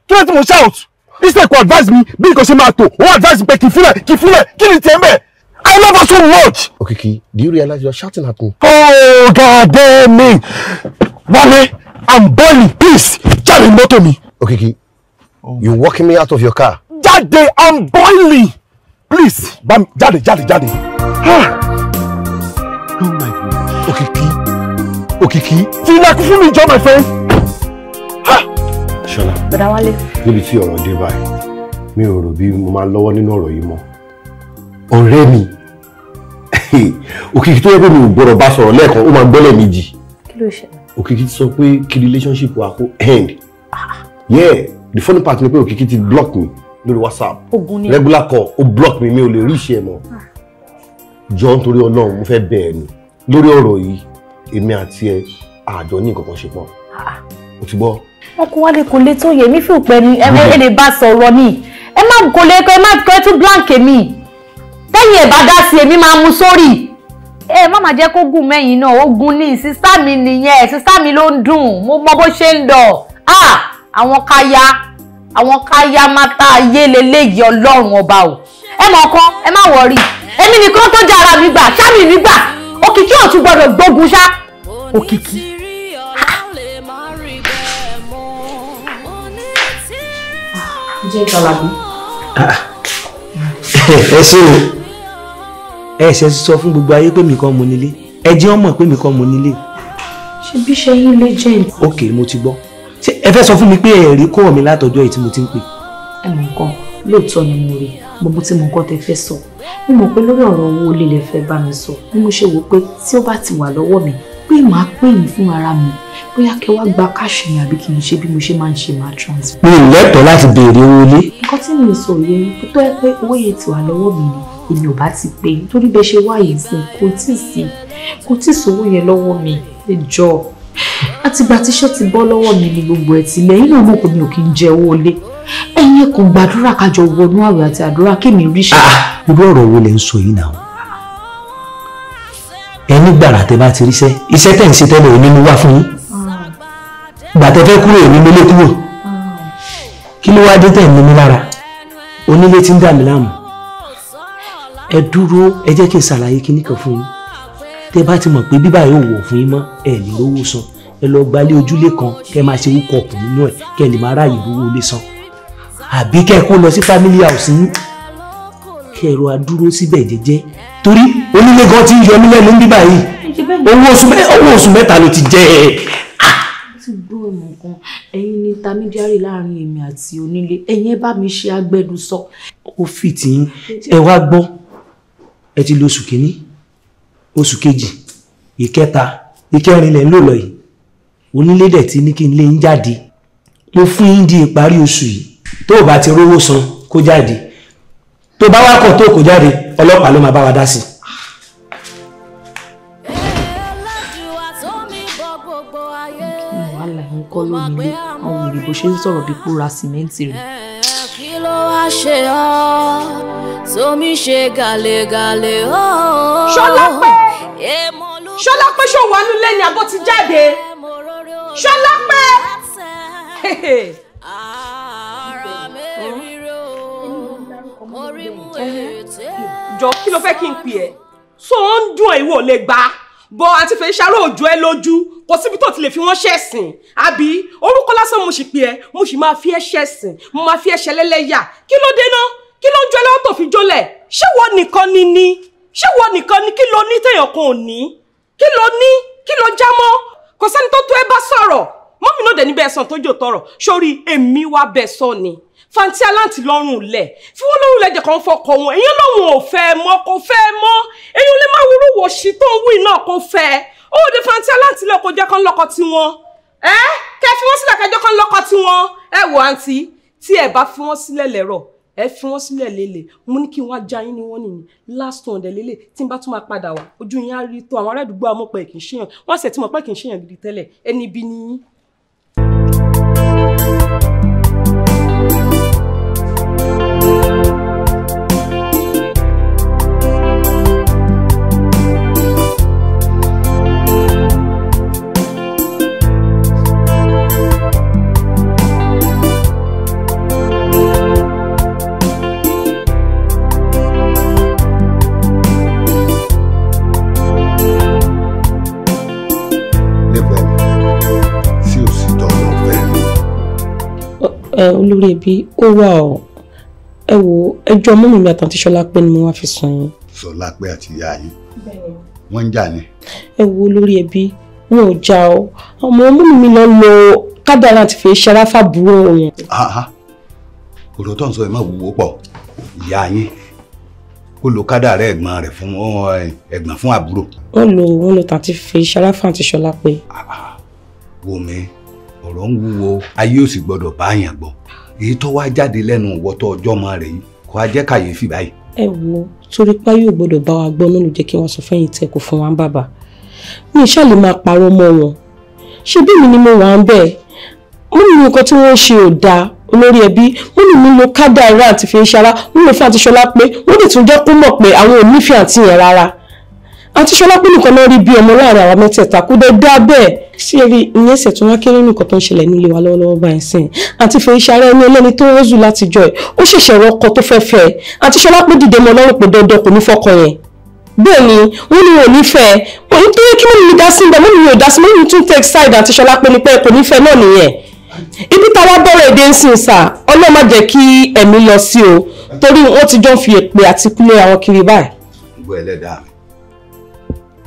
kí ló ti mo shout instead kò advise mi bí nǹkan ṣe máa tò ó advise mi pé kì í fúnlẹ̀ kì í fúnlẹ̀ kí ni tiẹ̀ mẹ́ẹ̀ I love her so much. Okay, Okiki, do you realize you are shouting at me? Oh, God damn me. Wale, I'm boiling. Please, jáde mọ́tò mi. Okiki, oh You're walking me out of your car. Jáde, I'm boiling. Please, bam, jáde, jáde, jáde. Ah. Oh my God. Okay, Okiki, Okiki. Tina, kufu mi jọ, my friend. Ah. Ṣọlá. Bọ̀dá Wálé. Níbi tí ọ̀rọ̀ dé báyìí, mi Me rò bí mo máa lọ́wọ́ nínú ọ̀rọ̀ yìí mọ́. Ọ̀rẹ́ mi òkìkí tó yẹ pé mi ò gbọ́dọ̀ bá sọ̀rọ̀ lẹ́ẹ̀kan ó máa gbọ́lẹ̀ méjì òkìkí ti sọ pé kí relationship wa kó end yeah the funny part ni pé òkìkí ti block mi lórí whatsapp regular call ó block mi mi ò lè rí iṣẹ́ mọ́ ah. jọ nítorí ọlọ́run mo fẹ́ bẹ̀ ẹ́ ni lórí ọ̀rọ̀ yìí èmi àti ẹ àjọ ní nǹkan kan ṣe pọ̀ ah. o ti gbọ́. wọn kò wálé kò lè tó yẹ mí fi ni ẹ ẹ lè bá sọ̀rọ̀ ni ẹ má kò lè kọ ẹ má kọ ẹ tún blank mi tẹ̀yìn ẹ bá dá sí èmi máa mú sórí. Eh, má má jẹ́ kó gùn mẹ́yìn náà ó gùn ní sísá mi nìyẹn sísá mi ló ń dùn mo mọ bó ṣe ń dọ̀ ah àwọn káyà àwọn káyà máa ta ayé leléyìí ọlọ́run o ẹ mọ̀ kan ẹ má wọrí èmi nìkan tó jẹ́ ara mi gbà sámi mi gbà òkìkí ọ̀tún gbọ́dọ̀ gbógun ṣá òkìkí. jẹ́ ìtọ́lá ah, ah. *laughs* ẹ ṣé o ẹ ṣe sọ fún gbogbo ayé pé mi kọ́ mo nílé ẹ jẹ́ ọmọ pé mi kọ́ mo nílé. ṣe bí ṣe yín lé jẹ́ ní. ok mo ti gbọ́ ṣé ẹ fẹ́ sọ fún mi pé ẹ̀rí kọ́ mi látọjọ́ èyí tí mo ti ń pè. ẹ mọ̀ nǹkan lóòótọ́ ni mo rí gbogbo tí mo kọ́ tẹ fẹ́ sọ mo mọ̀ pé lórí ọ̀rọ̀ owó lílẹ̀ fẹ́ bá mi sọ ni mo ṣe wò pé tí ó bá ti wà lọ́wọ́ mi pé màá pè yín fún ara mi bóyá kẹ wá gba káàṣì yẹn àbí kì í ṣe bí mo ṣe máa ń ṣe máa transfer. mi ò lẹ́tọ̀ọ́ láti béèrè owó ilé. nǹkan tí mi sọ yẹn tó yẹ pé owó yẹn ti wà lọ́wọ́ mi ni èmi ò bá ti pé torí bẹ́ẹ̀ ṣe wáyé sí kò tí ì sí kò tí ì sówó yẹn lọ́wọ́ mi ẹ jọ àtìgbà tíṣẹ́ ti bọ́ lọ́wọ́ mi ni gbogbo ẹ̀ ti lẹ́yìn náà mọ̀ pé mi ò kí ń jẹ owó lé ẹ̀yin ẹ̀kan gbàdúrà kájọ wọnú àwẹ̀ àti àdúrà kémi ríṣẹ́. Ah, irú ọ̀rọ̀ wo lẹ ń sọ yìí náà ẹni gbàrà tẹ bá ti ríṣẹ́ iṣẹ́ tẹ̀ ń ṣe tẹ́lẹ̀ òní mo wá fún yín gbàtẹ́ fẹ́ kúrò èmi mo kúrò ah. kí ló wá dé tẹ̀ ń ní lára onílé ti ń dà mí láàmú ẹ dúró ẹ jẹ́ kí n ṣàlàyé kinní kan fún yín tẹ bá ti mọ̀ pé bíbá yóò wọ̀ fún yín mọ́ ẹ ní lówó san ẹ lọ gbalé ojúlé kan kẹ máa ṣe wúkọ ọkùnrin náà kẹ lè máa ráàyè lówó lé san àbí kẹ kó lọ sí family house yín kẹ ẹ̀rọ adúró síbẹ̀ jẹ́jẹ́ torí onílé gan ti ń yọ mí lẹ́nu bíbá yìí owó oṣù mẹ́ta ló ti jẹ́ ẹ̀ ti gbọ́ ìmọ̀ kan ni tamídíárì láàrin èmi àti onílé ẹ̀yin bá mi ṣe agbẹnusọ. ó fìtì ẹ wá gbọ́ ẹ ti lo oṣù oṣù kejì ìkẹta ìkẹrin lẹ ń lò lọ yìí onílé dẹ̀ ní kí n lé ń jáde mo fún yín di ìparí oṣù yìí tó o bá ti rówó san kó jáde tó bá wá kọ̀ tó kó jáde ọlọ́pàá ló máa bá wa dá sí i. kọ́ lónìí àwọn ṣe ń sọ̀rọ̀ bí kúra sìmẹ́ǹtì rẹ̀. kí ló wá ṣe ọ́ tómi ṣe gàlégàlé ooo. Oh. Ṣọlápé Ṣọlápé ṣó wà nílé ni abó ti jáde Ṣọlápé. *laughs* jọ kí ló fẹ́ kí n pè ẹ́ so ó ń dùn ẹ̀ ìwọ lè gbà á bọ àti fẹ ṣàrò òjò ẹ lójú kò síbi tó ti lè fi wọn ṣẹ̀sìn àbí orúkọ lásán mo sì pè ẹ́ mo sì máa fi ẹ́ ṣẹ̀sìn mo máa fi ẹ́ ṣẹlẹ́lẹ́yà kí ló dé náà kí ló ń jọ lọ́wọ́ tó fi jólẹ̀ ṣé wọ́n nìkan ni ni ṣé wọ́n nìkan ni kí ló ní téèyàn kan ò ní kí ló ní kí ló já mọ́ kò sẹ́ni tó tó ẹ bá sọ̀rọ̀ mọ́mí náà dẹ̀ níbẹ̀ ẹ̀sán tó jò tọrọ sórí èmi wá bẹ̀ sọ ni fanti aláǹtí lọ́rùn lẹ̀ fi wọ́n lọ́rùn lẹ́jẹ̀ kan fọkọ̀ wọn èyí lòun ò fẹ́ mọ́ kò fẹ́ mọ́ èyí lè má wúrú wò sí tó ń wí náà kò fẹ́ ó de fanti aláǹtí lọ kó jẹ́ kán lọ́kọ tiwọn ẹ kẹ́ fi wọ́n sílẹ̀ kẹjọ́ kán lọ́kọ tiwọn ẹ wò àǹtí tí ẹ bá fi wọ́n sílẹ̀ lẹ́rọ̀ ẹ fi wọ́n sílẹ̀ lélẹ̀ mo ní kí wọ́n já yín ni wọ́n nìyí last one dẹ̀ lélẹ̀ tí n bá tún máa padà wá ojú yín á rí tó àwọn ará àdúgbò kì í ṣèyàn wọ́n sì ti mọ̀ pé kì í ṣèyàn gidi tẹ́lẹ̀ ẹni ibi ni yín ẹ olórí ẹbí ó wà ọ ẹ wo ẹjọ́ ọmọ mi àtàntí Ṣọlápé ni mo wá fi sùn yín. Ṣọlápé àti ìyá yìí wọ́n ń jà ni. ẹ wo olórí ẹbí wọn ò já ọ ọmọ ọmọ mi lọ lo kádàrá àti fi ṣe aráfà búrò wọn. ọ̀rọ̀ tó ń sọ ẹ̀ máa wúwo pọ̀ ìyá yín ó lo kádàrá ẹ̀gbọ́n rẹ̀ fún ẹ̀gbọ́n fún àbúrò. wọ́n lo wọ́n lo tàǹtí fi ṣe aráfà àti Ṣọlápé. wo mi ọ̀rọ̀ ń wúwo ayé ò sì gbọ́dọ̀ bá àyàn gbọ́ èyí tó wá jáde lẹ́nu ìwọ́tọ̀ ọjọ́ ọmọ rẹ̀ yìí kò á jẹ́ kàyéfì báyìí. ẹ wo torí pé ayé ò gbọ́dọ̀ bá wa gbọ́ náà ló jẹ́ kí wọ́n sọ fẹ́yìn tẹ kò fún wa ń bàbà mi ìṣá lè máa parọ́ mọ́ wọn ṣé bí mi ni mo wà ń bẹ̀ mo ní nǹkan tí wọ́n ṣe ò dáa olórí ẹbí mo ní mi lo kádà ẹ̀rọ àti fi ń ṣara mo lè fún àti pé wọ́n lè tún jẹ́ kó mọ̀ pé àwọn ò nífẹ̀ẹ́ àti yẹn rárá àti ṣọlá pé nìkan ló rí bí ọmọ láàrin àwa mẹ́tẹ̀ẹ̀ta kó dé dá bẹ́ẹ̀ ṣé rí ìyẹn ẹsẹ̀ tó wọ́n kéré nìkan tó ń ṣẹlẹ̀ nílé wa lọ́wọ́lọ́wọ́ báyìí sìn àti fèyí ṣàrẹ ẹni ẹlẹ́ni tó rọ́ọ̀zù láti jọ ẹ̀ ó ṣẹ̀ṣẹ̀ rọ́kọ tó fẹ́ fẹ́ àti ṣọlá pé dìde mọ́ lọ́rùn pé dandan kò ní fọkọ yẹn bẹ́ẹ̀ ni wọ́n ní wọn ò nífẹ̀ẹ́ wọ́n ní torí kí wọ́n mi dá sí ibẹ̀ wọ́n ní mi ò dá sí wọ́n ní tún take side àti ṣọlá pé ni pé kò nífẹ̀ẹ́ náà nìyẹn ibi táwa bọ̀rọ̀ èdè ń sìn sà ọlọ́ọ̀ má jẹ́ kí ẹ̀mí lọ sí o torí wọ́n ti jọ ń fi èpè àti kúlẹ̀ àwọn kiri báyìí. gbogbo ẹlẹ́dàá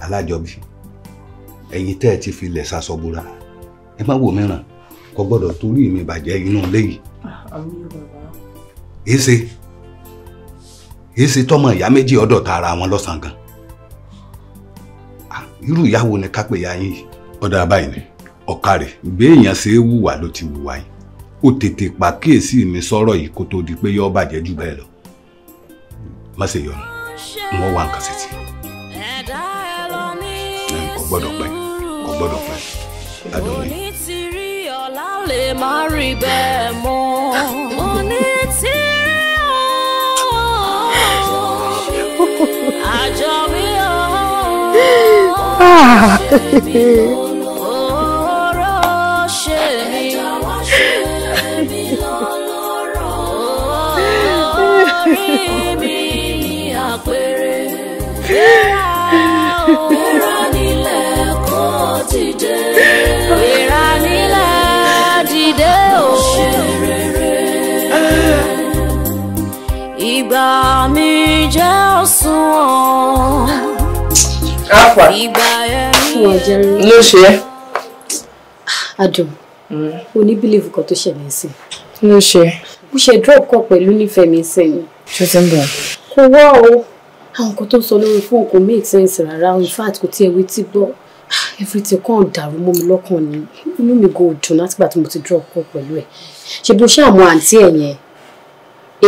alájọbí ẹ̀yin tẹ́ ẹ ti filẹ̀ sasọ́búra ẹ má wò mìíràn kò gbọ́dọ̀ torí mi bàjẹ́ inú ilé yìí. èsè èsè tọmọ ìyá méjì ọdọ ta ara wọn lọ́sàn gan ah, irú ìyàwó ni ká pè ya yín yìí. ọ̀dà báyìí ni ọ̀ka rẹ̀ ṣe é wùwà ló ti wùwà yìí ó tètè mi sọ̀rọ̀ yìí kó tó di pé bàjẹ́ jù bẹ́ẹ̀ lọ gbọ́dọ̀ pẹ́ kò gbọ́dọ̀ pẹ́ adùn mi. ọ̀la lè má rí bẹ́ẹ̀ mọ́ mo ní tí àjọ mi ò. afa ló ṣe é. adùn hmm. oníbílíìfù kan tó ṣẹlẹ̀ sí i. ló ṣe. mo ṣe drop kan pẹ̀lú nífẹ̀ẹ́ mi sẹ́yìn. ṣé ti ń bọ̀. kò wá o àwọn nǹkan tó ń sọ lórí fóònù kò make sense rárá in fact kò tí ẹ wí tí gbọ́ everything kàn dàrú mọ́ mi lọ́kàn ni inú mi go dùn látìgbà tí mo ti drop kan pẹ̀lú ẹ̀ ṣe bó ṣàmù àǹtí ẹ̀ yẹn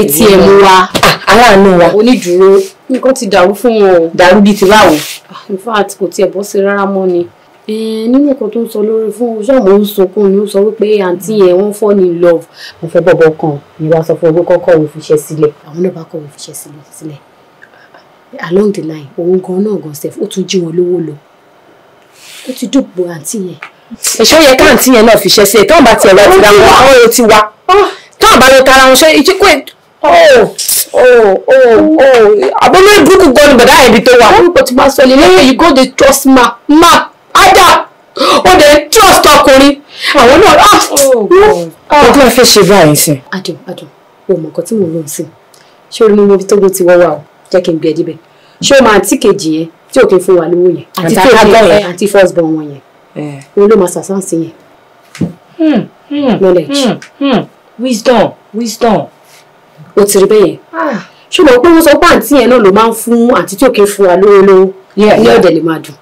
etí ẹ̀ mú wa ah, aláàánú wa onídùúró nǹkan ti dàrú fún wọn o. dàrú bíi ti báwo. Ah, in fact kò tiẹ̀ bọ́ sí rárá mọ́ ni eh, nínú nǹkan tó ń sọ lórí fún ọjọ́ àmọ́ ń sunkún ni ó sọ wípé àǹtí yẹn wọ́n fall in love. mo fẹ́ bọ̀bọ̀ kan ni wàá sọ fún ọgbẹ́ kọ́kọ́ òun fiṣẹ́ sílẹ̀ àwọn náà bá kọ́ òun fiṣẹ́ sílẹ̀ along the line òun gan náà gan sef ó tún jí wọn lówó lọ ó ti dùbò àǹtí yẹn. èso yẹ ká àǹtí yẹn náà fiṣẹ́ sílẹ̀ tí wọ́n bá tiẹ̀ wá ti ra wọn àwọn yóò ti wá ah! tí wọ́n bá lọ tara Oh, oh, oh. àbúrò ìbúkú gan ni bàdá ẹbí tó wà. orúkọ tí máa sọ lélẹ́yìn yìí go dey trust ma ma ada o dey trust ọkùnrin àwọn náà ah. ọdún ẹ ah. fẹ́ ṣe báyìí sí. adùn adùn o mọ̀ nǹkan tí mò ń lò ń sìn ṣé orí mímú ibi tó gbé ti wọ́wọ́ o jẹ́ kí n gbé ẹ débẹ̀ ṣé o máa tí kejì yẹn tí ò kí n fún wa lówó yẹn àti tí ò ní àti first born wọn yẹn eh. òun ló máa ṣàṣàǹsì yẹn. Hmm, hmm, hmm, knowledge wisdom wisdom o ti rí bẹ́yẹn ah. ṣùgbọ́n pé wọ́n sọ pé àǹtí yẹn náà ló máa ń fún àǹtí tí òkè fún wa lówó lówó ní ọ̀dẹ̀ lè máa dùn.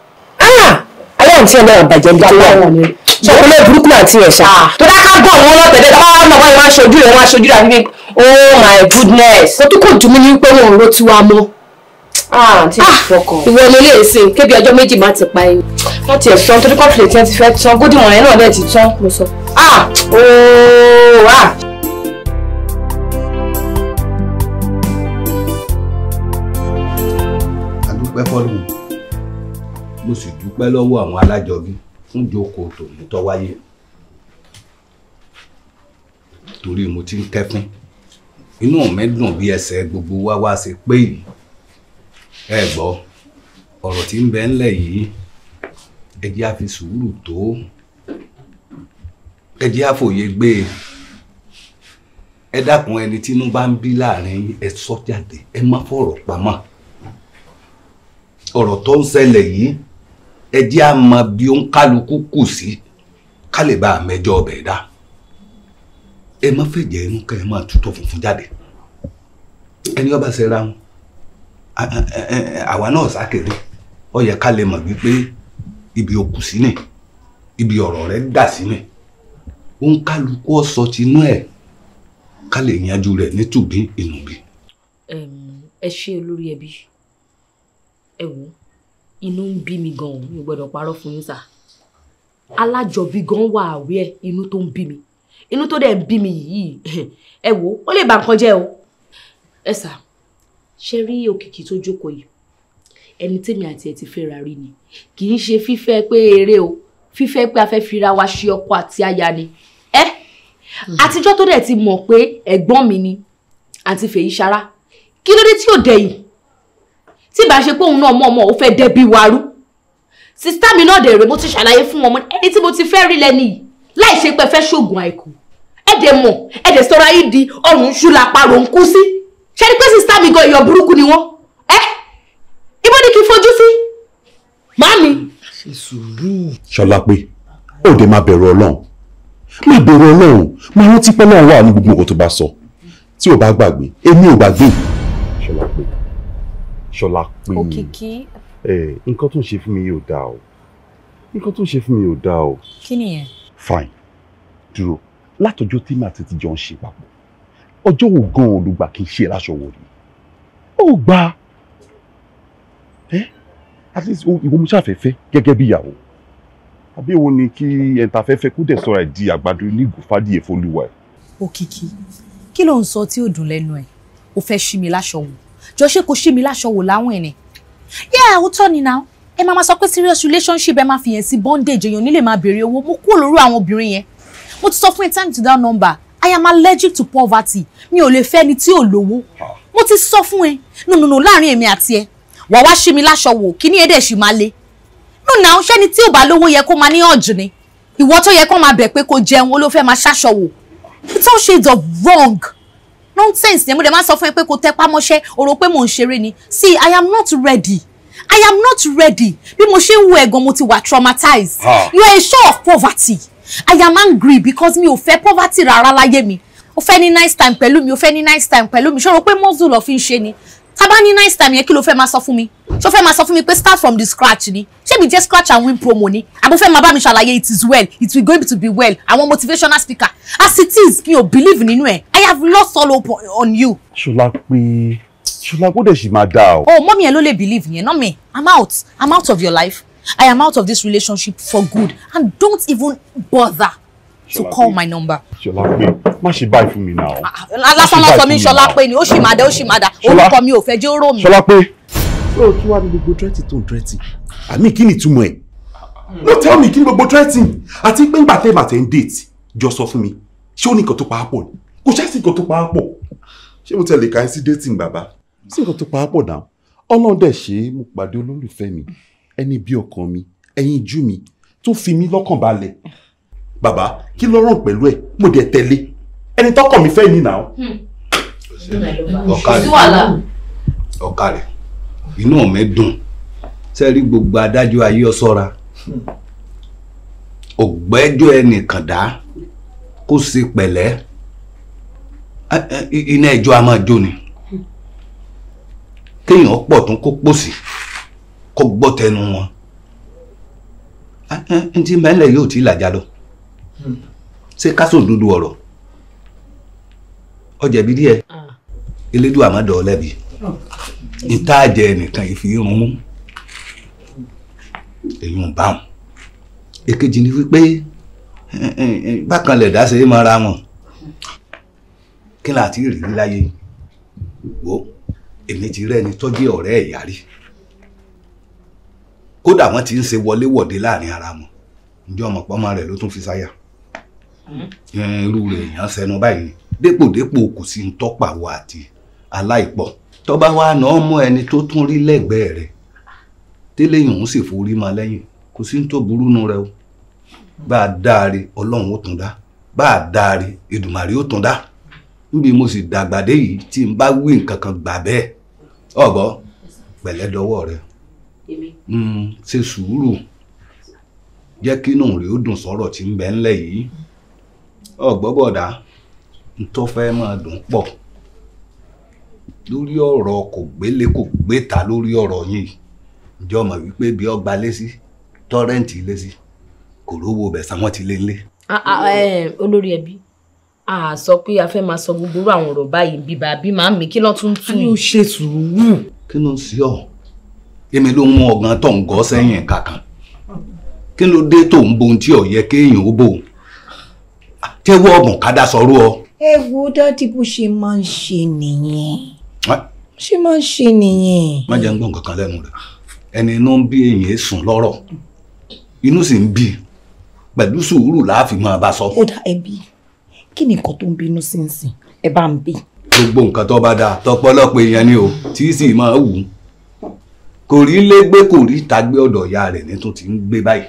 Ah! ayé àǹtí yẹn náà bàjẹ́ bí tó wà ṣọkùnrin burúkú àǹtí yẹn ṣá. Ah. tó bá ká bọ̀ wọn lọ́tẹ̀dẹ̀ káwọn náà wọ́n máa ṣojú rẹ̀ wọ́n máa ṣojú rẹ̀ àbí oh my goodness. o tún kò dùn mí ní pé wọn ò ro tiwa mọ́. àǹtí ìfọkàn. ìwọ ni ilé ìsìn kébi ọjọ́ méjì má ti pa ẹyin. wọ́n ti ẹ̀ sọ torí kọ́ńtìlẹ̀ tí wọ́n ti fẹ́ tán gódìwọ̀n yẹn náà dẹ̀ ah ooo oh, ah. dúpẹ́ fọ́lọ́run mo sì dúpẹ́ lọ́wọ́ àwọn alájọbí fún ìjókòó tòun tó wáyé torí mo ti ń kẹ́kún inú mi dùn bí ẹsẹ̀ gbogbo wa wá ṣe pé yìí ẹ gbọ́ ọ̀rọ̀ tí ń bẹ ńlẹ̀ yìí ẹ jẹ́ á fi sùúrù tó ẹ jẹ́ á fòye gbé e ẹ dákun ẹni tínú bá ń bí láàrin ẹ sọ jáde ẹ má fọ̀rọ̀ pamọ́. ọ̀rọ̀ tó ń yìí ẹ a mọ bí ó ń kálukú kù sí ká lè bá a mẹjọ ọbẹ̀ dá ẹ má fẹ̀jẹ̀ inú ká funfun jáde ẹni ọba ṣe ra wọn àwa náà yẹ ká lè mọ̀ wípé ibi òkú ni ibi ọ̀rọ̀ rẹ̀ dà sí ni ó ń kálukú ọ̀sọ́ tinú ẹ̀ ká lè yanjú rẹ̀ nítùbí ìnùbí. ẹ ṣe olórí ẹbí ẹ wò inú ń bí mi gan-an mi ò gbọ́dọ̀ parọ́ fún yín sà alájọbí gan wà àwí ẹ inú tó ń bí mi inú tó dẹ̀ ń bí mi yìí *laughs* ẹ wò ó lè bà nǹkan jẹ́ o ẹ sà ṣe rí òkìkí tó jókòó yìí ẹni tèmi àti ẹ ti fẹ́ra rí ni kì í ṣe fífẹ́ pé eré o fífẹ́ pé a fẹ́ fira wa ṣe ọkọ àti aya ni ẹ àtijọ́ tó dẹ̀ ti mọ̀ pé ẹ̀gbọ́n mi ni àti fèyí ṣara kí ló dé tí ò dẹ̀yìn tí ìbá ṣe pé òun náà mọ̀ ọmọ òun de dẹ́bi warú sista mi náà dẹ̀ rè mo ti ṣàlàyé fún wọn ẹni tí mo ti fẹ́ rí lẹ́nu yìí láì ṣe pé fẹ́ ṣoògùn àìkú ẹ dẹ̀ mọ̀ ẹ dẹ̀ sọra yìí di ọrùn ṣú la parò ń kú sí ṣe ni pé sista mi gan èèyàn burúkú ni wọ́n ẹ ibo ni kí n fojú sí màámi. ṣọlá pé òde máa bẹ̀rù ọlọ́run máa bẹ̀rù ọlọ́run máa rántí pé ọlọ́run wà ní gbogbo nǹkan tó bá sọ tí ò bá gbàgbé èmi ò gbàgbé ṣọlá pé òkìkí ẹ nǹkan tó ń ṣe fún mi yóò dáa o nǹkan tó ń ṣe fún mi yóò dáa o. kí nìyẹn. fine dúró látọjọ́ tí màá ti ti jọ ń ṣe papọ̀ ọjọ́ wo gan-an olùgbà kì í ṣe láṣọ wò ni ó gbà ẹ at least ìwọ mo ṣàfẹ́fẹ́ gẹ́gẹ́ bí ìyàwó àbí òun ni kí ẹ̀ntàfẹ́fẹ́ kó dẹ̀ sọ̀rọ̀ ẹ̀ di àgbàdo ní ìgúfádìyẹ fọlùwà ẹ̀. òkìkí kí ló ń sọ tí ò dùn lẹ́nu ẹ̀ o fẹ́ ṣí mi láṣọ wò jọ ṣé kò ṣí mi láṣọ wò láwọn ẹ̀nẹ̀ yẹ́ òótọ́ ni náà ẹ máa ma sọ pé serious relationship ẹ máa fi yẹn sí bondage èèyàn nílé máa béèrè owó mo kúrò lórí àwọn obìnrin yẹn mo ti sọ fún ẹ time to that number I am allergic to poverty mi ò lè fẹ́ ẹni tí ò lówó mo ti sọ fún ẹ nùnùnù láàrin èmi àti ẹ wàá wá ṣí mi láṣọ wò kí ni èdè ṣì máa le nùnà ọ̀ṣẹ́ ni tí ò bá lówó yẹ kó máa ní ọ̀jìn ni ìwọ tó yẹ kó máa bẹ̀ pé kó jẹun ó ló fẹ́ máa ṣàṣọ wò it's all shades of wrong nonsense yẹn mo dẹ̀ máa sọ fún ẹ pé kò tẹpá mọ́ṣẹ́ o rò pé mò ń ni see i am not ready i am not ready bí mo ṣe ń wo mo ti wà traumatized ah. you are a show of poverty i am angry because mi ò fẹ́ poverty Rara láyé mi o fẹ́ ní nice time pẹ̀lú mi o fẹ́ ní nice time pẹ̀lú mi ṣé o rò pé muscle lọ ni tá bá ní nice time yẹn kí ló fẹ́ máa so fún mi ṣó fẹ́ máa sọ fún mi pé start from the scratch ni ṣé mi jẹ́ scratch and win promo ni Abu fe ma ba mi ṣàlàyé it is well it will going to be well àwọn motivational speaker as it is mi ò believe nínú ẹ I have lost all hope on you. ṣọlá pé ṣọlá kó dẹ̀ ṣì máa dá o. oh mommy, ẹ̀ ló lè believe yẹn no me I'm out I'm out of your life I am out of this relationship for good and don't even bother to call my number. Ṣọlápé má ṣe báyìí fún mi náà. Ah, ah, ah, lásán lásán mi Ṣọlápé ni ó sì máa dá ó sì máa dá orúkọ mi ò fẹ́ jẹ́ rò mí. Ṣọlápé. yóò tún wá ní gbogbo twenty tó ń twenty mean, kí ni ìtumọ̀ ẹ̀ no tell me kí ni gbogbo twenty I think ńgbà tẹ́ bàtẹ́ ń date Just sọ me. Show ṣé ó ní nǹkan tó pa á pọ̀ ni kò ṣáà sí nǹkan tó pa á pọ̀ mo tẹ̀lé ka ẹ sí dating Baba. sí nǹkan tó pa now. pọ̀ náà ọlọ́run dẹ̀ ṣe mo pàdé olólùfẹ́ mi ẹni bí ọkàn mi ẹyin jú mi tó fi mí lọ́kàn balẹ̀ bàbá kí ló ràn pẹ̀lú ẹ̀ mo dẹ̀ tẹ̀lé ẹni tọkọ mi fẹ́ ni náà. ọ̀kàrẹ̀ ọ̀kàrẹ̀ inú mi dùn sẹ́rí gbogbo adájọ́ ayé ọ̀ṣọ́ra ògbẹ́jọ́ ẹnìkan dá kó ṣe pẹ̀lẹ́ iná ẹjọ́ a máa jó ni kéèyàn pọ̀ tún kó pòsì kó gbọ́ tẹnu wọn ntí mẹ́lẹ̀ yóò ti làjà lọ ṣé kásò dúdú ọ̀rọ̀ ọjẹ̀bi díẹ̀ ah. elédùn àmọ́dọ̀ ọlẹ́bi ìtajà ẹnìkan ìfìrún mú èyí ń bá wọn èkejì ni wípé bákan lè dá ṣe é mọ́ra wọn kí ni àti ìrírí láyé wo èmi ti rẹ́ ni tọ́jú ọ̀rẹ́ ẹ̀yà rí kódà wọ́n ti ń ṣe wọléwọ̀de láàrin ara wọn ǹjẹ́ ọmọ pọ́nmọ́ rẹ̀ ló tún fi sáyà irú rẹ̀ èèyàn sẹnu báyìí ni dépòdépò kò sí ní tọ́pàwọ̀ àti aláìpọ̀ tọ́ba wa náà mú ẹni tó tún rí lẹ́gbẹ̀ẹ́ rẹ̀ tẹ́lẹ̀yìn òun sì forí ma lẹ́yìn kò sí ní tó burú nu rẹ o bá a dáre ọlọ́run ó tún dá bá a dáre Èdùmàrè ó tún dá níbi mo sì dàgbà dé yìí tí n bá wí nǹkan kan gbà bẹ́ẹ̀ ọ̀gbọ́ pẹ̀lẹ́ dọwọ́ rẹ hmm, ṣe sùúrù jẹ́ kínú rẹ̀ ó dùn sọ̀rọ̀ tí ń bẹ yìí ọ̀gbọ́bọ̀dá tó fẹ́ máa dùn pọ̀ lórí ọ̀rọ̀ kò gbélé kò gbéta lórí ọ̀rọ̀ yìí ǹjẹ́ ọmọ wípé bí ọgbà lésì tọ́rẹ́ǹtì lésì kò rówó bẹ̀ sáwọn ti lé lé. olórí ẹbí a sọ pé a fẹ́ máa sọ gbogbo àwọn ọ̀rọ̀ báyìí bíbá bí màá mi kí ló tún tún. kí ló ṣe sùúrù. kí ló ń ṣe ọ èmi ló ń mú ọgàn tó ń gọ sẹ́yìn kankan kí ló dé tó ń bo ohun tí ò yẹ kéèyàn ó bò ó tẹ́wọ́ ọ̀gùn kádà sọ̀rọ̀ ọ. ẹ wo dádì bó ṣe máa ń ṣe nìyẹn ṣe máa ń ṣe nìyẹn. má jẹ́ ń gbọ́ nǹkan kan lẹ́nu rẹ̀ ẹni inú ń bí èèyàn sùn lọ́rọ̀ inú sì ń bí pẹ̀lú sùúrù láàfin máa bá sọ. ó dá ẹbí kí ni nǹkan tó ń bínú sí ń sìn ẹ bá ń bí. gbogbo nǹkan tó bá dáa tọpọlọpọ èèyàn ni o tí sì máa wù ú kò rí légbé kò rí tagbé ọ̀dọ̀ ìyá rẹ̀ ní tó ti ń gbé báyìí.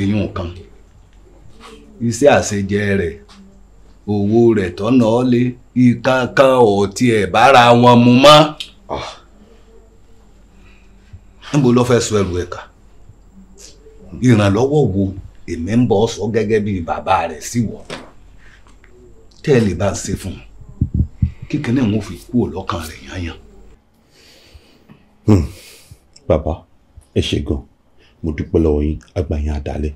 èyí ah. kan iṣẹ́ àṣejẹ rẹ̀ owó rẹ̀ tọ́nà ọ́ lé ìkankan ọ̀tí ẹ̀ bára wọn mu mọ́. Ah. níbo ló fẹ́ sọ ẹrù ẹ̀ kà ìrànlọ́wọ́ wo èmi ń bọ̀ sọ gẹ́gẹ́ bí bàbá rẹ̀ sí wọ̀ tẹ́ ẹ lè bá ń ṣe fún un kíkiní ń fi kúrò lọ́kàn rẹ̀ yányán. Hmm. bàbá ẹ ṣe gan mo dúpẹ́ lọ́wọ́ yín àgbà yín àdálẹ́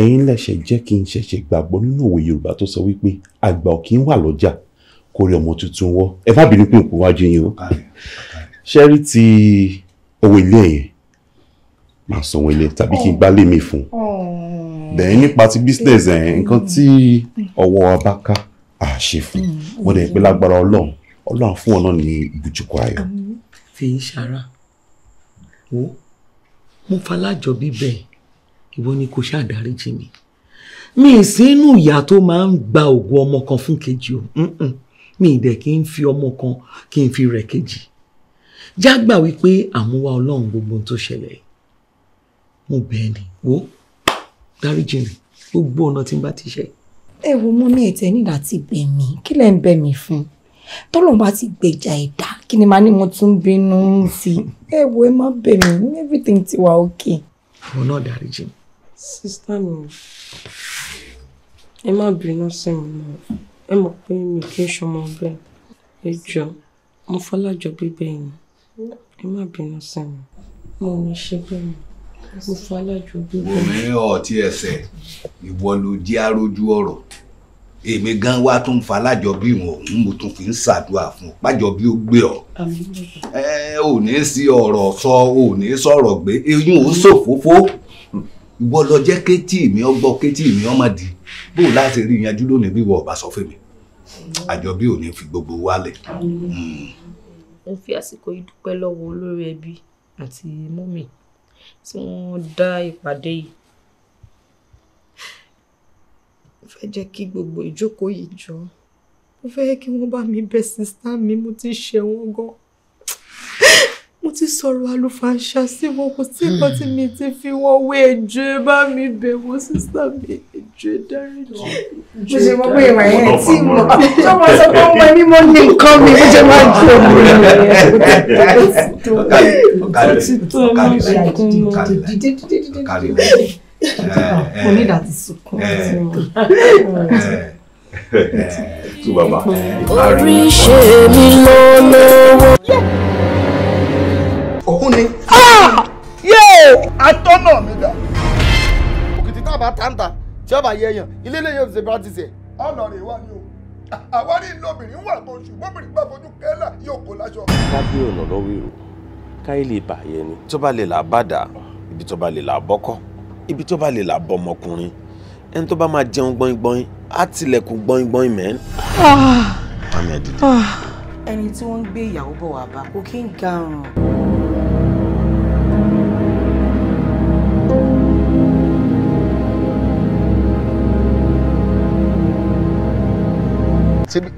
ẹ̀yin lẹ́sẹ̀ jẹ́ kí n ṣẹ̀ṣẹ̀ gbàgbọ́ nínú òwe yorùbá tó sọ wípé àgbà ò kì í wà lọ́jà kó rí ọmọ tuntun wọ́ ẹ má bínú pé n wájú yín o ṣẹ́rí ti owó ilé ẹ̀yẹn máa sanwó ilé tàbí kí n gbá lé mi fún bẹ́ẹ̀ oh. nípa ti business ẹ̀ mm. nǹkan tí ọwọ́ abáká á ṣe fún mo mm. dẹ̀ pé lágbára ọlọ́run ọlọ́run fún ọ̀nà ní ibùjókòó ayọ̀. fi ń ṣara wo mo falájọ bíbẹ̀ ìwọ ni kò ṣáà dáríjì mi mi ìsínú ìyá tó máa ń gba ògùn ọmọ kan fún kejì o mi ìdẹ̀ kí n fi ọmọ kan kí n fi rẹ̀ kejì jágbà wípé àmúwá ọlọ́run gbogbo tó ṣẹlẹ̀ mo bẹ́ẹ̀ ni wo dáríjì mi gbogbo ọ̀nà tí n bá ti ṣe. ẹ wo mọ mi ètè nígbà tí bẹ mi kí lẹ ń bẹ mi fún tọ́lọ́run bá ti gbèjà ẹ̀dá kí ni màá ní mo tún bínú sí *laughs* ẹ wo ẹ má bẹ mi everything ti wà okay. ìwọ náà dáríjì mi Sísá mi ò, ẹ má bínú sí mi mọ́, ẹ mọ̀ pé mi kì í ṣọmọ bẹ́ẹ̀. Ẹ jọ̀ọ́, mo fọlájọbí bẹ̀ yín, ẹ má bínú sí mi, mo ò ní ṣe bẹ́ẹ̀ mọ́ mo fọ alájọbí. òmìnir ọtí ẹsẹ ìwọ ló jẹ arójú ọ̀rọ̀ èmi gan wa tún fa alájọbí wọn òun mo tún fi ń ṣàdúrà fún ọ pájọbí ó gbé ọ. ẹ ò ní sí ọ̀rọ̀ sọ ò ní sọ̀rọ̀ gbé eyín ò ń ìwọ lọ jẹ́ kétí mi ọ gbọ́ kétí mi ọ má di bó láti rí yanjú lónìí bí ìwọ ọba sọ fún mi àjọbí ò ní fi gbogbo wálẹ̀. mo fi àsìkò yìí dúpẹ́ lọ́wọ́ olórí ẹbí àti mọ́mì tí wọ́n dá ìpàdé yìí mo fẹ́ jẹ́ kí gbogbo ìjókòó yìí jọ mo fẹ́ kí wọ́n bá mi bẹ̀ sísá mi mo ti ṣẹ̀ gan mo ti sọ̀rọ̀ àlùfàǹṣà sí wọn kò sí nǹkan tí mi ti fi wọn wé ẹjọ́ ẹ bá mi bẹ̀ wọ́n sísá mi ẹjọ́ ẹ dárí jù. mo ṣe mọ pé ìwà yẹn tí mo tọmọ sọ pé ọmọ ẹni mo ní nǹkan mi mo jẹ máa ju omi rẹ. ọkàlẹ̀ ọkàlẹ̀ ọkàlẹ̀ mo ní láti sunkún sí wọn tu bàbá. orí ṣe mi lọ́lọ́wọ́. náà mi dà. òkìtì tá a bá tàǹtà tí ọba yẹ yàn ilé ilé yóò ti ṣe practice ẹ. ọ̀nà rẹ̀ wá ní o àwa ní ìlú obìnrin wà tó ṣùgbọ́n obìnrin bá fojú kẹ́là yóò kó láṣọ. ká ọ̀nà lọ́wọ́ èrò káyé lè bà yẹ ni. tó bá lè là bàdà ibi tó bá lè là bọ́kọ́ ibi tó bá lè là bọ́ ẹni tó bá máa jẹun gbọ́ngbọ́n á tilẹ̀kùn gbọ́ngbọ́n mẹ́rin. Ah. Ah. ẹni tí wọ́n ń gbé ìyàwó bọ̀ wá bá kò kí ń garùn-ún.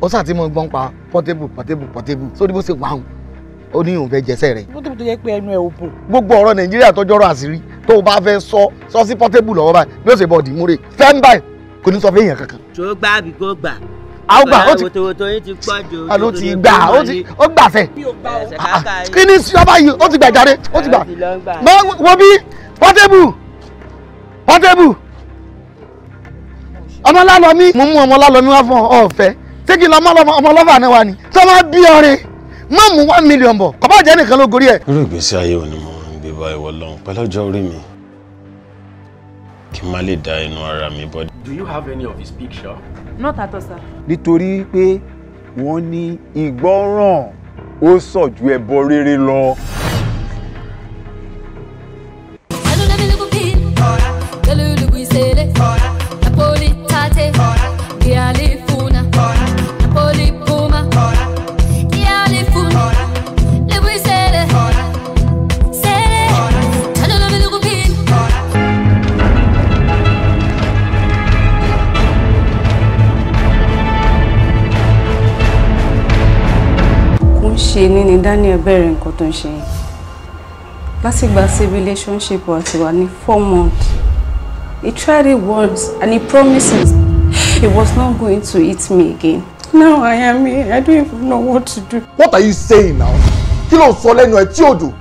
ọsàn àti mọ̀ gbọ́n pa pọ́tébù pọ́tébù pọ́tébù sórí bó ṣe wà hàn ó ní òun fẹ́ jẹsẹ̀ rẹ̀. pọ́tébù tó yẹ pé ẹnu ẹ̀ ò bò. gbogbo ọ̀rọ̀ nàìjíríà tọjọ́rọ̀ àṣírí tó o bá fẹ́ sọ sọ sí pọ́tébù lọ́wọ́ báyìí bí ó ṣe bọ̀ dìmúre fẹ́ńbà kò ní sọ fún èèyàn kankan. tó gbà àbí kó gbà. àwọn gbà ó ti ó ti gbà ó ti ó gbà fẹ́. Ah, ah, ah. kí ni sọ́ba yìí ó ti gbà jáde ó ti gbà. wo bí pọ́tébù pọ́tébù ọmọ lálọ́mí mo mú ọmọ lálọ́mí wá fún ọ ọ̀fẹ́ ṣé kí náà wà ní tí bí ọrin má mú one million bọ̀ kọ́ bá jẹ́ nìkan ló ẹ̀. irú ìgbésí ayé òní mo ń gbé bá ìwọ lọ́hùn pẹ̀lú ọjọ́ orí mi kí n má lè da inú ara mi bọ́. do you have any of his picture. not at all sir. nítorí pé wọ́n ní ìgbọ́ràn ó sọ ju rere lọ. Daniel bẹ̀rẹ̀ nǹkan tó ń ṣe yìí látìgbà sí relationship wa ti wà ní four months he tried it once and he promises he was not going to eat me again now I am here I don't even know what to do. what are you saying now kí ló ń sọ lẹ́nu ẹ̀ tí ò dùn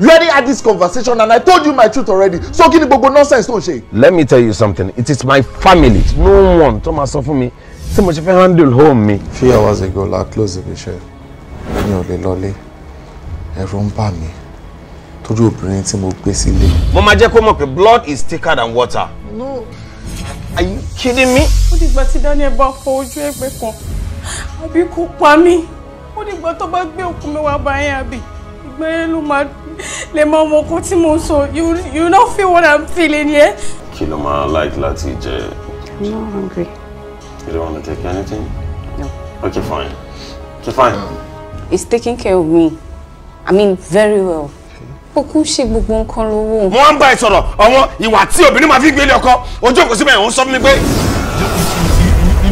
we already had this conversation and I told you my truth already so kí ni gbogbo nonsense tó ń ṣe. let me tell you something it is my family no one tó máa sọ fún mi tí mo ṣe fẹ́ handle home mi. few hours ago la close the picture mi ò lè lọlé ẹ̀rọ ń bà mí torí obìnrin tí mo gbé sílé. mo máa jẹ́ kó mọ̀ pé blood is thicker than water. no. are you kidding me. ó dìgbà tí Daniel bá fọ ojú ẹgbẹ́ kan àbí kò pa mí ó dìgbà tó bá gbé òkú mi wá bá yẹn àbí ìgbẹ́rẹ́ ló máa lè mọ ọmọ kan tí mo sọ you you no feel what i'm feeling yẹn. kí ló máa like láti jẹ. i'm not hungry. you don't wanna take anything. no. okay fine okay fine. It's taking care of me. I mean very well. Okun ṣe gbogbo nǹkan lówó. Mo wá ń bá ẹ sọ̀rọ̀ àwọn ìwà tí obìnrin máa fi gbélé ọkọ ojú òkú síbẹ̀ òun sọ fún mi pé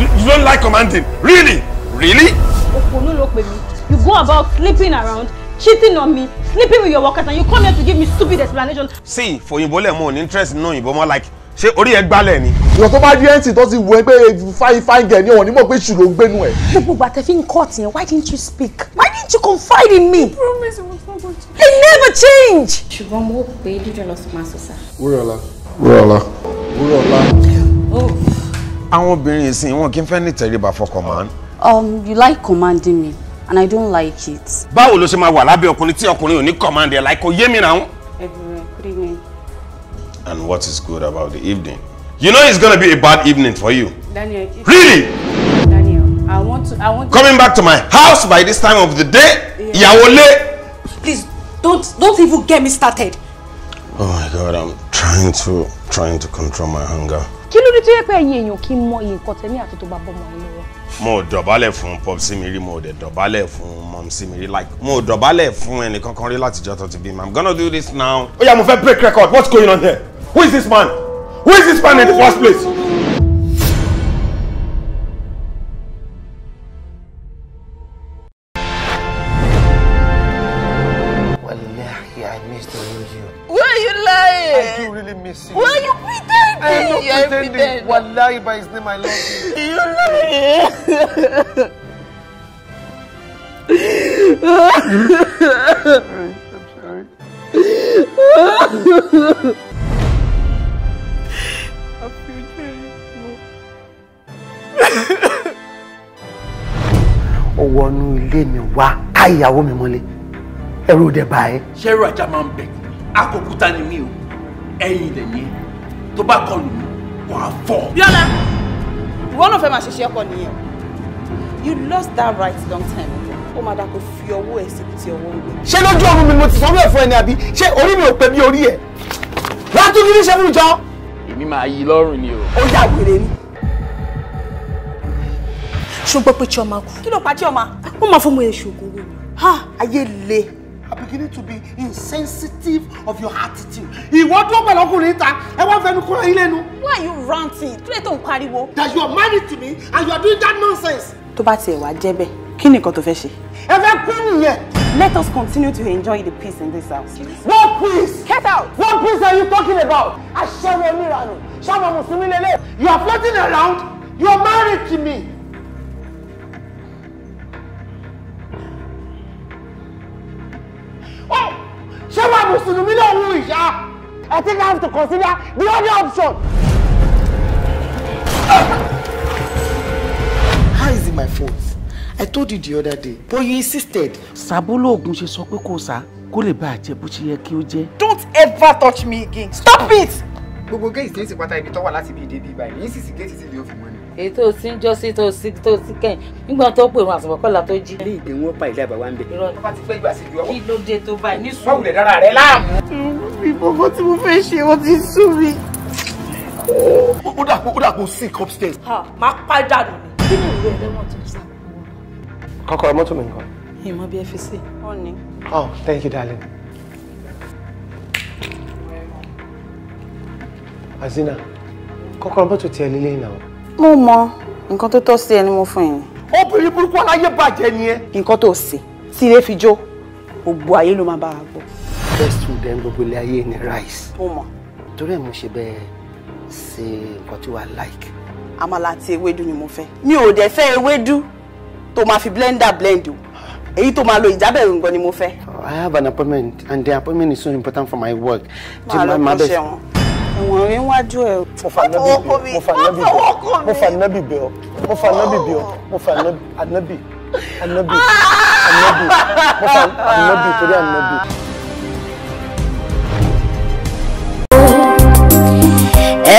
you don't like commanding really really. Òpònú ló pè mí. You go about sleeping around cheating on me sleeping with your workers and you come here to give me stupid explanation. See for oyinbo lẹ́mú ò ní interest nínú òyìnbó more like ṣé orí ẹ gbálẹ̀ ni. ìwọ tó bá rí ẹ̀ǹtì tó ti wọ ẹ pé fine fine girl ni wọn nímọ̀ pé ṣùgbọ́n ó gbénu ẹ̀. gbogbo ìgbà tẹ fi ń cut yẹn why didn't you speak why didn't you confide in me. I promise you was not going to. I never change. ṣùgbọ́n mo pè é dídùn lọ sí máa sọ sá. wúrọ̀lá wúrọ̀lá wúrọ̀lá. Oh. àwọn obìnrin ìsìn wọn kì í fẹ́ ní tẹríba for command. um you like commanding me and I don't like it. báwo ló ṣe máa wà lábẹ́ ọkùnrin tí ọkùnrin ò ní command ẹ̀ láì kó yé mi náà. ẹ̀bùrẹ̀ kúrẹ́mẹ̀ and what is good about the evening. You know it's gonna be a bad evening for you. Daniel. Really? Daniel, I want to. I want. To... Coming back to my house by this time of the day, yeah. Yawole. Please don't don't even get me started. Oh my God, I'm trying to trying to control my hunger. Kilo ni dé tó yẹ pé ẹ̀yin èèyàn kí n mọ iye nǹkan tẹ̀mí àti tó bá Mo dọ̀bálẹ̀ fún Popsi mi rí, mo de dọ̀bálẹ̀ fún Momsi mi rí like. Mo dọ̀bálẹ̀ fún ẹnìkankan rí látijọ́ tó ti bí I'm gonna do this now. Ó yá mo fẹ́ break record. What's going on here? Who is this man? Who is this man in the first place? pretending. Wallahi, by his name, I love you. *laughs* You lie. *laughs* I'm sorry. I'm sorry. *laughs* ó wọnú ilé mi wá ká ìyàwó mi mọ́lé ẹrù òde bá ẹ. ṣẹ́rù ajá máa ń bẹ̀ akókúta ni mí o ẹ̀yìn ilẹ̀ yẹn tó bá kọlù mí wàá fọ́. bíọ́lá ìwọ náà fẹ́ máa ṣiṣẹ́ pọ̀ nìyẹn you lost that right long time ago ó máa dàpọ̀ fi ọwọ́ ẹ̀ síbi tí ọwọ́ ń gbé. ṣé lójú ọrùn mi mo ti sanwó ẹ̀ fún ẹni àbí ṣé orí mi ò pè bí orí ẹ̀ wàá tún kí ní ṣe fún mi jọ. èmi máa yí lọ́rùn ni o. ó yà wèrè ni ṣùgbọ́n pé chioma kú. kí ló pa chioma. wọ́n máa fún mu èṣù ògùn wò. ayé le. I'm beginning to be insensitive of your attitude. Ìwọ tó pẹ̀lú ọkùnrin ta, ẹ wá fẹnu kúrò yín lẹ́nu. Why are you ranting? Kí lè tó ń pariwo? That you are married to me and you are doing that nonsense. Tó bá tiẹ̀ wá jẹ́ bẹ́ẹ̀, kí ni nǹkan tó fẹ́ ṣe? Ẹ fẹ́ kú nìyẹn. Let us continue to enjoy the peace in this house. What peace? Get out! What peace are you talking about? Aṣẹ́wó oníranù, ṣáwọn Mùsùlùmí lélẹ̀. You are floating around, you are married to me. Oh! ṣé wàá mùsùlùmí ló ń wù ìṣá I think I have to consider the other option. How is it my fault? I told you the other day but you insisted. Sàbólò oògùn ṣe sọ pé kò sá kó lè bá àjẹ bó ṣe yẹ kí ó jẹ. Don't ever touch me again. Stop it. Gbogbo géètì tí ń sìn pátá ibi tó wà láti bí ìdè bíi báyìí, yín sì géètì tí ìdè ó fi wọ èyí tó sí ń jọ́sí tó sí tó sí kẹ́yìn nígbà tó pèrò àsọ̀bọ̀kọ́lá tó jí. ilé ìgbé wọn pa ìlà bàbá ń bẹ. irọ́ tó bá ti pẹ́ ìgbà sí ju ọwọ́. kí ló dé tó báyìí ní sùúrù. báwo lè dára rẹ láàmú. ìbòbò tí mo fẹ́ ṣe ó ti sú mi. ó dà kó ó dà kó sick upstairs. máa pa dànù ni. kí ni ìwé ẹlẹ́wọ̀n tó ń sá kọ́kọ́ mọ́tò mi nǹkan. ìmọ̀ bí ẹ fi sí. ó ní. oh thank you darling. azina kọ́kọ́ mọ́tò tiẹ̀ lílé náà mo mọ nǹkan tó tọ́ sí ẹni mo fún yín. obìnrin burúkú aláyé bàjẹ́ ni ẹ. nǹkan tó ṣe tí ilé fi jó ògbó ayé ló máa bá a gbọ́. best food ẹ̀ ń gbogbo ilé ayé ni rice. mo mọ. torí ẹ̀ mo ṣe bẹ́ẹ̀ ṣe nǹkan tí wàá like. àmàlà àti ewédú ni mo fẹ́ mi ò dẹ̀ fẹ́ ewédú tó máa fi blender blend o èyí tó máa lo ìjábẹ̀ òǹgbọ̀n ni mo fẹ́. I have an appointment and the appointment is so important for my work. máa lọ kọ́ ṣe ẹ̀wọ̀n rí wájú ẹ̀. mo fa nábì bẹ́ọ̀ mo fa nábì bẹ́ọ̀ mo fa nábì bẹ́ọ̀ mo fa nábì bẹ́ọ̀ mo fa nábì ànábì ànábì mo fa ànábì torí ànábì.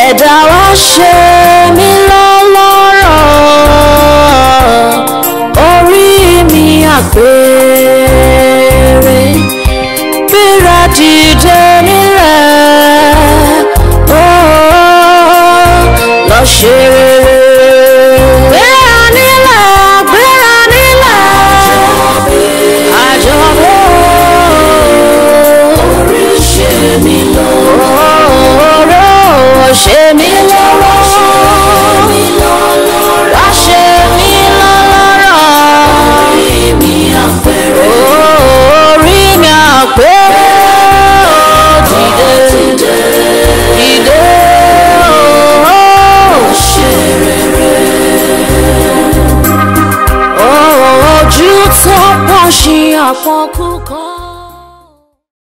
ẹ̀dá wa ṣe mí lọ́lọ́rọ̀ orí mi àpèrè gbéra dìde ní. ṣe rere. gbéra nílẹ̀ gbéra nílẹ̀ àjọ mi orí ṣe mí lọ́wọ́ orí ṣe mí. 需要刻苦。